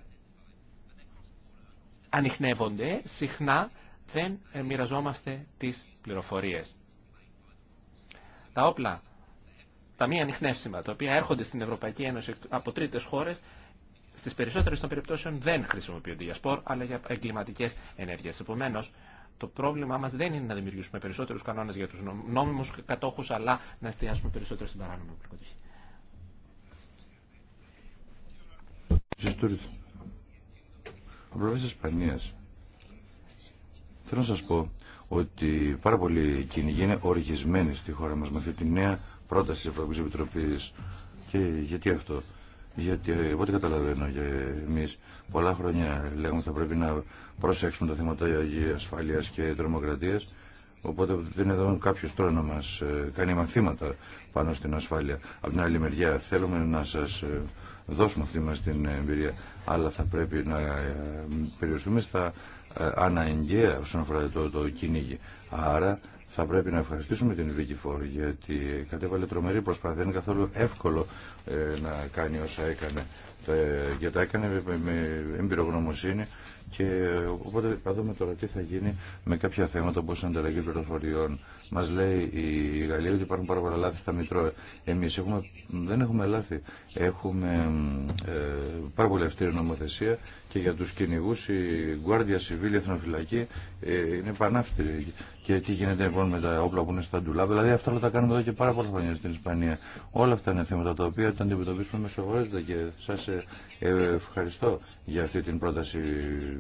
ανοιχνεύονται, συχνά δεν ε, μοιραζόμαστε τις πληροφορίες. Τα όπλα, τα μη ανοιχνεύσιμα, τα οποία έρχονται στην Ευρωπαϊκή Ένωση από τρίτες χώρες, στις περισσότερες των περιπτώσεων δεν χρησιμοποιούνται για σπορ, αλλά για εγκληματικές ενέργειες. Επομένως, το πρόβλημά μας δεν είναι να δημιουργήσουμε περισσότερους κανόνες για τους νόμιμους κατόχους, αλλά να εστιάσουμε περισσότερο στην παράνομη προκοτοχή. Ο πρόεδρος της Ισπανίας. Θέλω να σας πω ότι πάρα πολλοί κυνηγοί είναι οργισμένοι στη χώρα μας με αυτή τη νέα πρόταση της Ευρωπαϊκής Επιτροπής. Και γιατί αυτό γιατί εγώ δεν καταλαβαίνω για εμείς πολλά χρόνια λέγουμε θα πρέπει να προσέξουμε τα θέματα ασφάλειας και τρομοκρατίας οπότε δεν είναι εδώ κάποιο τώρα να μας ε, κάνει μαθήματα πάνω στην ασφάλεια από την άλλη μεριά θέλουμε να σας ε, δώσουμε αυτή στην την εμπειρία αλλά θα πρέπει να ε, περιοριστούμε στα αναγκαία όσον αφορά το, το κυνήγι άρα θα πρέπει να ευχαριστήσουμε την Φορ γιατί κατέβαλε τρομερή προσπάθεια. Δεν είναι καθόλου εύκολο ε, να κάνει όσα έκανε. Ε, και τα έκανε με εμπειρογνωμοσύνη και οπότε θα δούμε τώρα τι θα γίνει με κάποια θέματα όπω η ανταλλαγή πληροφοριών. Μα λέει η Γαλλία ότι υπάρχουν πάρα πολλά λάθη στα Μητρώα. Εμεί δεν έχουμε λάθη. Έχουμε ε, πάρα πολύ αυστηρή νομοθεσία και για του κυνηγού η Guardia Civil, η Εθνοφυλακή ε, είναι πανάφτηρη. Και τι γίνεται λοιπόν με τα όπλα που είναι στα ντουλά Δηλαδή αυτά όλα τα κάνουμε εδώ και πάρα πολλά χρόνια στην Ισπανία. Όλα αυτά είναι θέματα τα οποία τα αντιμετωπίσουμε με σοβαρότητα και σα ε, ευχαριστώ για αυτή την πρόταση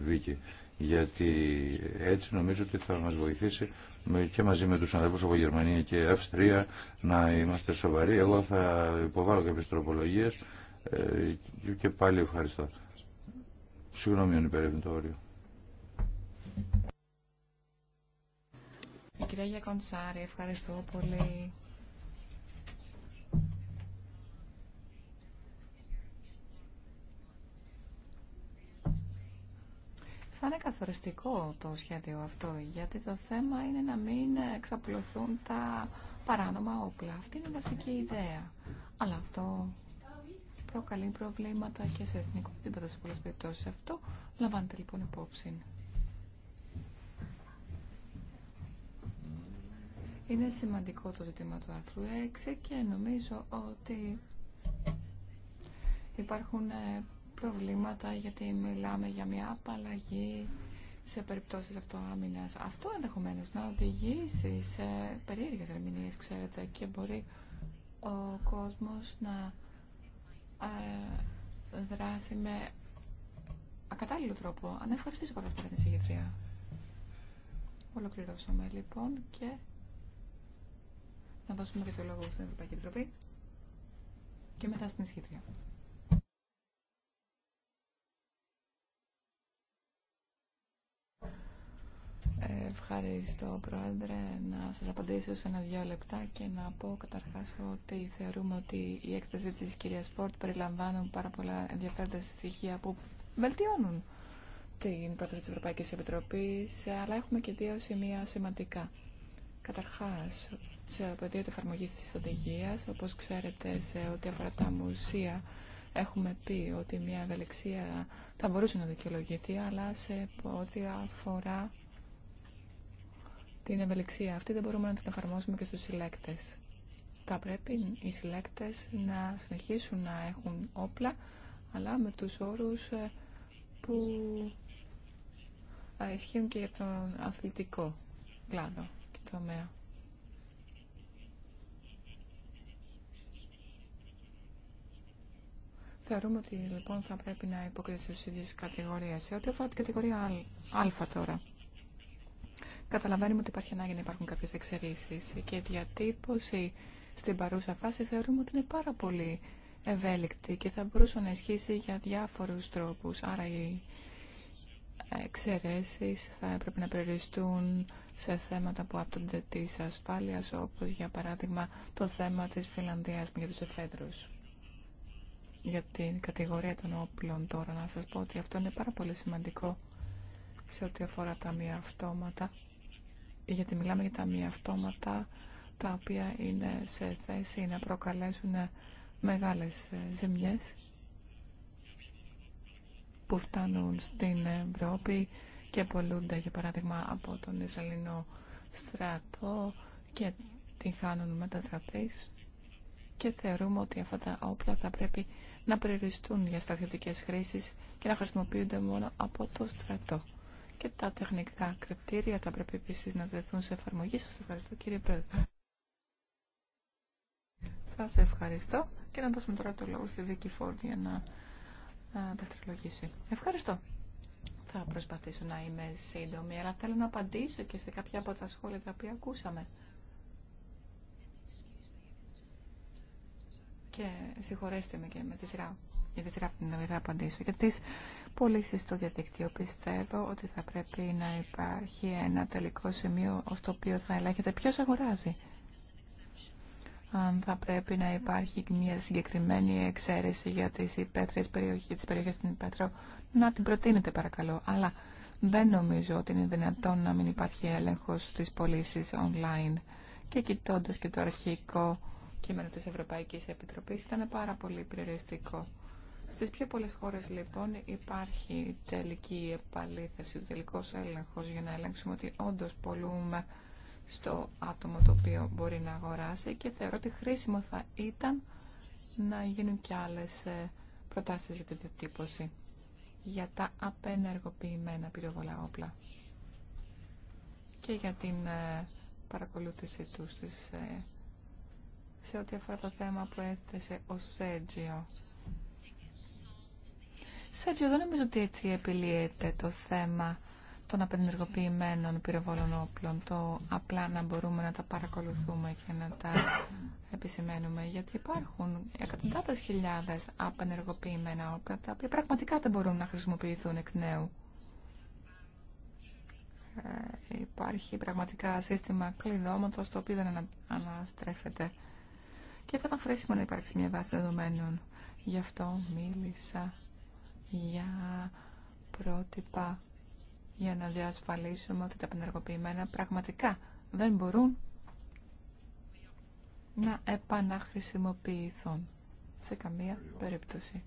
Βίκη γιατί έτσι νομίζω ότι θα μας βοηθήσει και μαζί με τους ανθρώπους από Γερμανία και Αυστρία να είμαστε σοβαροί. Εγώ θα υποβάλω κάποιες τροπολογίες ε, και πάλι ευχαριστώ. Συγγνώμη αν υπερεύνει το όριο. Κυρία Γιακοντσάρη, ευχαριστώ πολύ. Θα είναι καθοριστικό το σχέδιο αυτό, γιατί το θέμα είναι να μην εξαπλωθούν τα παράνομα όπλα. Αυτή είναι η βασική ιδέα. Αλλά αυτό προκαλεί προβλήματα και σε εθνικό επίπεδο σε πολλές περιπτώσεις Αυτό λαμβάνεται λοιπόν υπόψη. Είναι σημαντικό το ζήτημα του άρθρου 6 και νομίζω ότι υπάρχουν ε, προβλήματα γιατί μιλάμε για μια απαλλαγή σε περιπτώσεις αυτοάμυνας. Αυτό ενδεχομένως να οδηγήσει σε περίεργες ερμηνείες, ξέρετε, και μπορεί ο κόσμος να ε, δράσει με ακατάλληλο τρόπο. Αν ευχαριστήσω πάρα αυτά την εισηγητρία. Ολοκληρώσαμε λοιπόν και να δώσουμε και το λόγο στην Ευρωπαϊκή Επιτροπή και μετά στην εισηγητρία. Ευχαριστώ, Πρόεδρε. Να σας απαντήσω σε ένα-δυο λεπτά και να πω καταρχάς ότι θεωρούμε ότι η έκθεση της κυρίας Φόρτ περιλαμβάνουν πάρα πολλά ενδιαφέροντα στοιχεία που βελτιώνουν την πρόταση της Ευρωπαϊκής Επιτροπής, αλλά έχουμε και δύο σημεία σημαντικά. Καταρχάς, σε πεδίο της εφαρμογής της οδηγίας, όπως ξέρετε, σε ό,τι αφορά τα μουσεία, έχουμε πει ότι μια ευελιξία θα μπορούσε να δικαιολογηθεί, αλλά σε ό,τι αφορά την ευελιξία αυτή δεν μπορούμε να την εφαρμόσουμε και στους συλλέκτες. Θα πρέπει οι συλλέκτες να συνεχίσουν να έχουν όπλα, αλλά με τους όρους ε, που ε, ισχύουν και για τον αθλητικό κλάδο και τομέα. Θεωρούμε ότι λοιπόν θα πρέπει να υποκριθεί στις ίδιες κατηγορίες. Σε ό,τι αφορά την κατηγορία Α τώρα. Καταλαβαίνουμε ότι υπάρχει ανάγκη να υπάρχουν κάποιες εξαιρήσει και διατύπωση στην παρούσα φάση θεωρούμε ότι είναι πάρα πολύ ευέλικτη και θα μπορούσε να ισχύσει για διάφορους τρόπους. Άρα οι εξαιρεσει θα έπρεπε να περιοριστούν σε θέματα που άπτονται τη ασφάλεια, όπως για παράδειγμα το θέμα της Φιλανδίας για τους εφέδρους. Για την κατηγορία των όπλων τώρα να σας πω ότι αυτό είναι πάρα πολύ σημαντικό σε ό,τι αφορά τα μία αυτόματα γιατί μιλάμε για τα μη αυτόματα τα οποία είναι σε θέση να προκαλέσουν μεγάλες ζημιές που φτάνουν στην Ευρώπη και πολλούνται για παράδειγμα από τον Ισραηλινό στρατό και την χάνουν μετατραπείς και θεωρούμε ότι αυτά τα όπλα θα πρέπει να περιοριστούν για στρατιωτικές χρήσεις και να χρησιμοποιούνται μόνο από το στρατό και τα τεχνικά κριτήρια θα πρέπει επίσης να δεθούν σε εφαρμογή. Σας ευχαριστώ κύριε Πρόεδρε. Σας ευχαριστώ και να δώσουμε τώρα το λόγο στη Δίκη Φόρντ για να, να δευτερολογήσει. Ευχαριστώ. Θα προσπαθήσω να είμαι σύντομη, αλλά θέλω να απαντήσω και σε κάποια από τα σχόλια τα οποία ακούσαμε. Και συγχωρέστε με και με τη σειρά για τη σειρά απαντήσω. Για τις πωλήσει στο διαδικτύο πιστεύω ότι θα πρέπει να υπάρχει ένα τελικό σημείο στο οποίο θα ελέγχεται ποιος αγοράζει. Αν θα πρέπει να υπάρχει μια συγκεκριμένη εξαίρεση για τις υπαίθριες περιοχές, τις περιοχές στην Υπέτρο, να την προτείνετε παρακαλώ. Αλλά δεν νομίζω ότι είναι δυνατόν να μην υπάρχει έλεγχος στις πωλήσει online. Και κοιτώντα και το αρχικό κείμενο της Ευρωπαϊκής Επιτροπής ήταν πάρα πολύ περιοριστικό. Στις πιο πολλές χώρες λοιπόν υπάρχει τελική επαλήθευση, τελικός έλεγχος για να ελέγξουμε ότι όντως πολλούμε στο άτομο το οποίο μπορεί να αγοράσει και θεωρώ ότι χρήσιμο θα ήταν να γίνουν και άλλες ε, προτάσεις για τη διατύπωση για τα απενεργοποιημένα πυροβολά όπλα και για την ε, παρακολούθηση τους ε, σε ό,τι αφορά το θέμα που έθεσε ο Σέτζιο. Σέργιο, δεν νομίζω ότι έτσι επιλύεται το θέμα των απενεργοποιημένων πυροβόλων όπλων. Το απλά να μπορούμε να τα παρακολουθούμε και να τα επισημαίνουμε. Γιατί υπάρχουν εκατοντάδες χιλιάδες απενεργοποιημένα όπλα τα οποία πραγματικά δεν μπορούν να χρησιμοποιηθούν εκ νέου. Ε, υπάρχει πραγματικά σύστημα κλειδώματος το οποίο δεν αναστρέφεται. Και θα ήταν χρήσιμο να υπάρξει μια βάση δεδομένων. Γι' αυτό μίλησα για πρότυπα για να διασφαλίσουμε ότι τα πενεργοποιημένα πραγματικά δεν μπορούν να επαναχρησιμοποιηθούν σε καμία περίπτωση.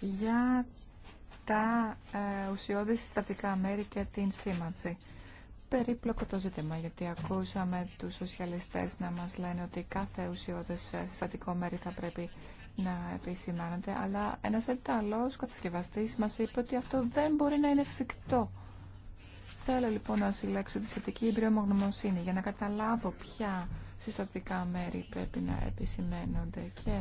Για τα ε, ουσιώδη συστατικά μέρη και την σήμανση. Περίπλοκο το ζήτημα, γιατί ακούσαμε του σοσιαλιστές να μας λένε ότι κάθε ουσιώδες ε, συστατικό μέρη θα πρέπει να επισημάνεται, αλλά ένας Ιταλό κατασκευαστή μας είπε ότι αυτό δεν μπορεί να είναι εφικτό. Θέλω λοιπόν να συλλέξω τη σχετική εμπειρογνωμοσύνη για να καταλάβω ποια συστατικά μέρη πρέπει να επισημένονται και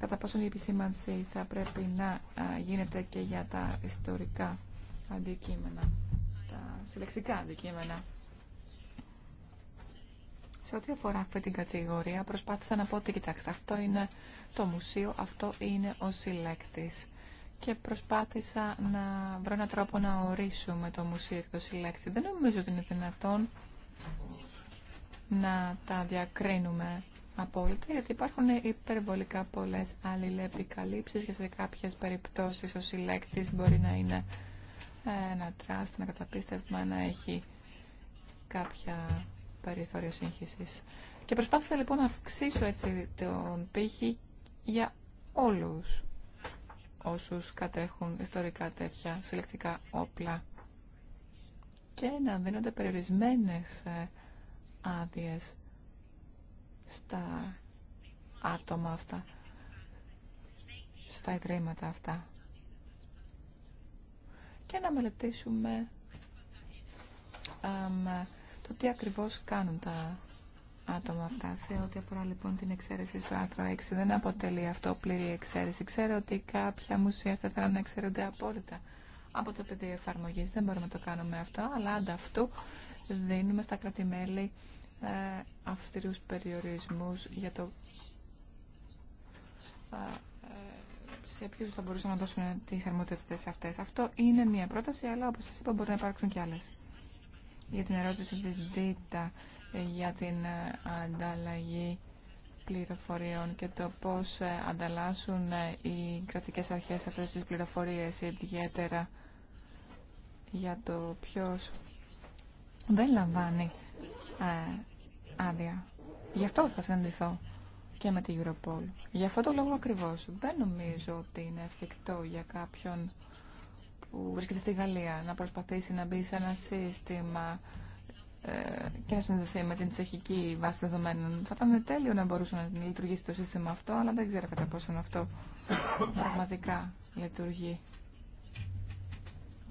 κατά πόσο η επισήμανση θα πρέπει να γίνεται και για τα ιστορικά αντικείμενα, τα συλλεκτικά αντικείμενα. Σε ό,τι αφορά αυτή την κατηγορία, προσπάθησα να πω ότι, κοιτάξτε, αυτό είναι το μουσείο, αυτό είναι ο συλλέκτης. Και προσπάθησα να βρω έναν τρόπο να ορίσουμε το μουσείο και το συλλέκτη. Δεν νομίζω ότι είναι δυνατόν να τα διακρίνουμε απόλυτα, γιατί υπάρχουν υπερβολικά πολλές αλληλεπικαλύψεις και σε κάποιε περιπτώσεις ο συλλέκτης μπορεί να είναι ένα τραστ, ένα καταπίστευμα, να έχει κάποια περιθώριο σύγχυση. Και προσπάθησα λοιπόν να αυξήσω έτσι τον πύχη για όλους όσους κατέχουν ιστορικά τέτοια συλλεκτικά όπλα και να δίνονται περιορισμένες ε, άδειε στα άτομα αυτά, στα ιδρύματα αυτά και να μελετήσουμε το τι ακριβώς κάνουν τα άτομα αυτά. Σε ό,τι αφορά λοιπόν την εξαίρεση στο άρθρο 6, δεν αποτελεί αυτό πλήρη εξαίρεση. Ξέρω ότι κάποια μουσεία θα θέλουν να εξαίρεται απόλυτα από το πεδίο εφαρμογή. Δεν μπορούμε να το κάνουμε αυτό, αλλά ανταυτού δίνουμε στα κρατημέλη ε, αυστηρούς περιορισμούς για το ε, ε, σε ποιους θα μπορούσαν να δώσουν τις θερμότητες αυτές. Αυτό είναι μία πρόταση, αλλά όπως σας είπα μπορεί να υπάρξουν και άλλες. Για την ερώτηση της ΔΙΤΑ ε, για την ανταλλαγή πληροφοριών και το πώς ανταλλάσσουν οι κρατικές αρχές αυτές τις πληροφορίες ιδιαίτερα για το ποιος δεν λαμβάνει ε, άδεια. Γι' αυτό θα συναντηθώ και με τη Europol. Γι' αυτό το λόγο ακριβώς δεν νομίζω ότι είναι εφικτό για κάποιον που βρίσκεται στη Γαλλία να προσπαθήσει να μπει σε ένα σύστημα ε, και να συνδεθεί με την τσεχική βάση δεδομένων. Θα ήταν τέλειο να μπορούσε να λειτουργήσει το σύστημα αυτό, αλλά δεν ξέρω κατά πόσο αυτό πραγματικά λειτουργεί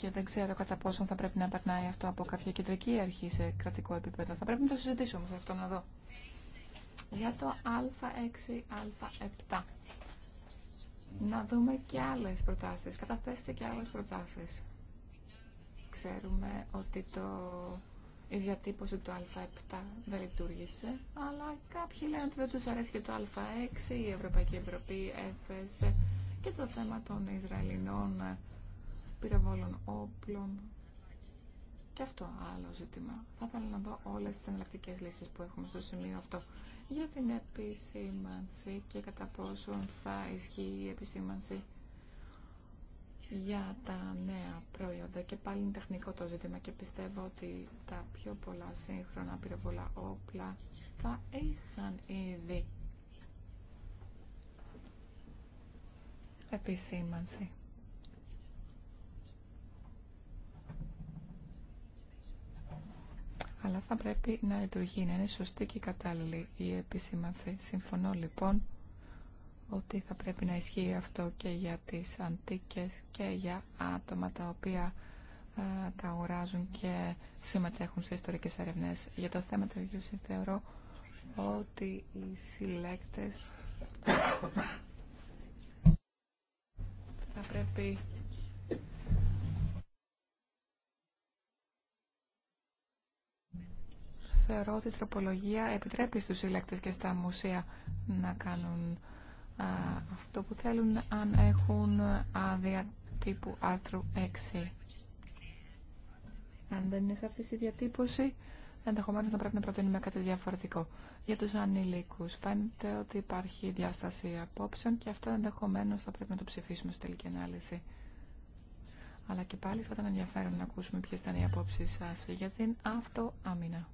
και δεν ξέρω κατά πόσον θα πρέπει να περνάει αυτό από κάποια κεντρική αρχή σε κρατικό επίπεδο. Θα πρέπει να το συζητήσουμε σε αυτό να δω. Για το α6, α7. Να δούμε και άλλες προτάσεις. Καταθέστε και άλλες προτάσεις. Ξέρουμε ότι το... η διατύπωση του α7 δεν λειτουργήσε, αλλά κάποιοι λένε ότι δεν τους αρέσει και το α6, η Ευρωπαϊκή Ευρωπή έθεσε και το θέμα των Ισραηλινών πυροβόλων όπλων. Και αυτό άλλο ζήτημα. Θα ήθελα να δω όλε τι εναλλακτικέ λύσει που έχουμε στο σημείο αυτό για την επισήμανση και κατά πόσον θα ισχύει η επισήμανση για τα νέα προϊόντα και πάλι είναι τεχνικό το ζήτημα και πιστεύω ότι τα πιο πολλά σύγχρονα πυροβολά όπλα θα είχαν ήδη επισήμανση. αλλά θα πρέπει να λειτουργεί, να είναι σωστή και κατάλληλη η επισήμανση. Συμφωνώ λοιπόν ότι θα πρέπει να ισχύει αυτό και για τις αντίκες και για άτομα τα οποία τα αγοράζουν και συμμετέχουν σε ιστορικές έρευνες. Για το θέμα του ίδιου θεωρώ ότι οι συλλέξτες [COUGHS] θα πρέπει θεωρώ ότι η τροπολογία επιτρέπει στους συλλέκτες και στα μουσεία να κάνουν αυτό που θέλουν αν έχουν άδεια τύπου άρθρου 6. Αν δεν είναι αυτή η διατύπωση, ενδεχομένως να πρέπει να προτείνουμε κάτι διαφορετικό. Για τους ανηλίκους φαίνεται ότι υπάρχει διάσταση απόψεων και αυτό ενδεχομένως θα πρέπει να το ψηφίσουμε στη τελική ανάλυση. Αλλά και πάλι θα ήταν ενδιαφέρον να ακούσουμε ποιες ήταν οι απόψεις σας για την αυτοάμυνα.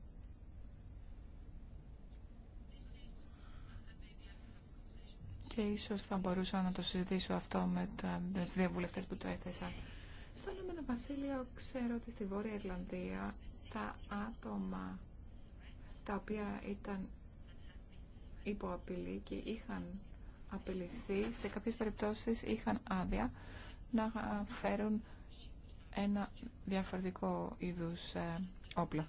και ίσως θα μπορούσα να το συζητήσω αυτό με τους δύο βουλευτέ που το έθεσα. Στον Ηνωμένο Βασίλειο ξέρω ότι στη Βόρεια Ιρλανδία τα άτομα τα οποία ήταν υπό απειλή και είχαν απειληθεί, σε κάποιες περιπτώσεις είχαν άδεια να φέρουν ένα διαφορετικό είδους ε, όπλα.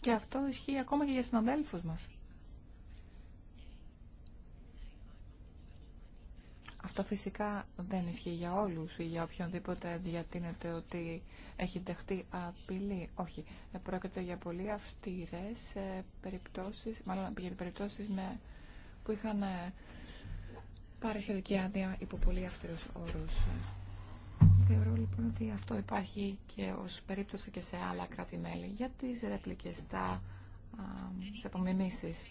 Και αυτό ισχύει ακόμα και για συναδέλφους μας. Αυτό φυσικά δεν ισχύει για όλους ή για οποιονδήποτε διατείνεται ότι έχει δεχτεί απειλή. Όχι, ε, πρόκειται για πολύ αυστηρές ε, περιπτώσεις, μάλλον για περιπτώσεις με, που είχαν ε, πάρει σχετική άδεια υπό πολύ αυστηρούς όρους. Θεωρώ λοιπόν ότι αυτό υπάρχει και ως περίπτωση και σε άλλα κράτη-μέλη για τις ρεπλικές, τα απομιμήσεις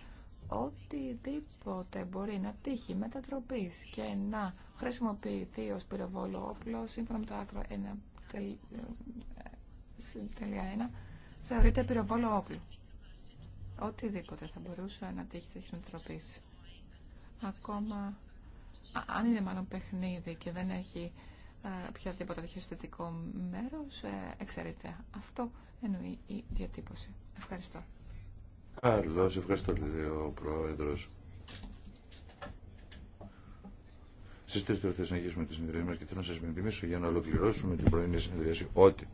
οτιδήποτε μπορεί να τύχει μετατροπής και να χρησιμοποιηθεί ως πυροβόλο όπλο σύμφωνα με το άρθρο 1.1 ε, ε, θεωρείται πυροβόλο όπλο. Οτιδήποτε θα μπορούσε να τύχει τέτοιες μετατροπής. Ακόμα, αν είναι μάλλον παιχνίδι και δεν έχει ε, οποιαδήποτε τέτοιο θετικό μέρος, εξαιρείται. Αυτό εννοεί η διατύπωση. Ευχαριστώ. Καλώ, ευχαριστώ λέει ο Πρόεδρο. Στι τρει τελευταίε συνεχίσουμε τη συνεδρία μα και θέλω να σα υπενθυμίσω για να ολοκληρώσουμε την πρωινή συνεδρίαση ότι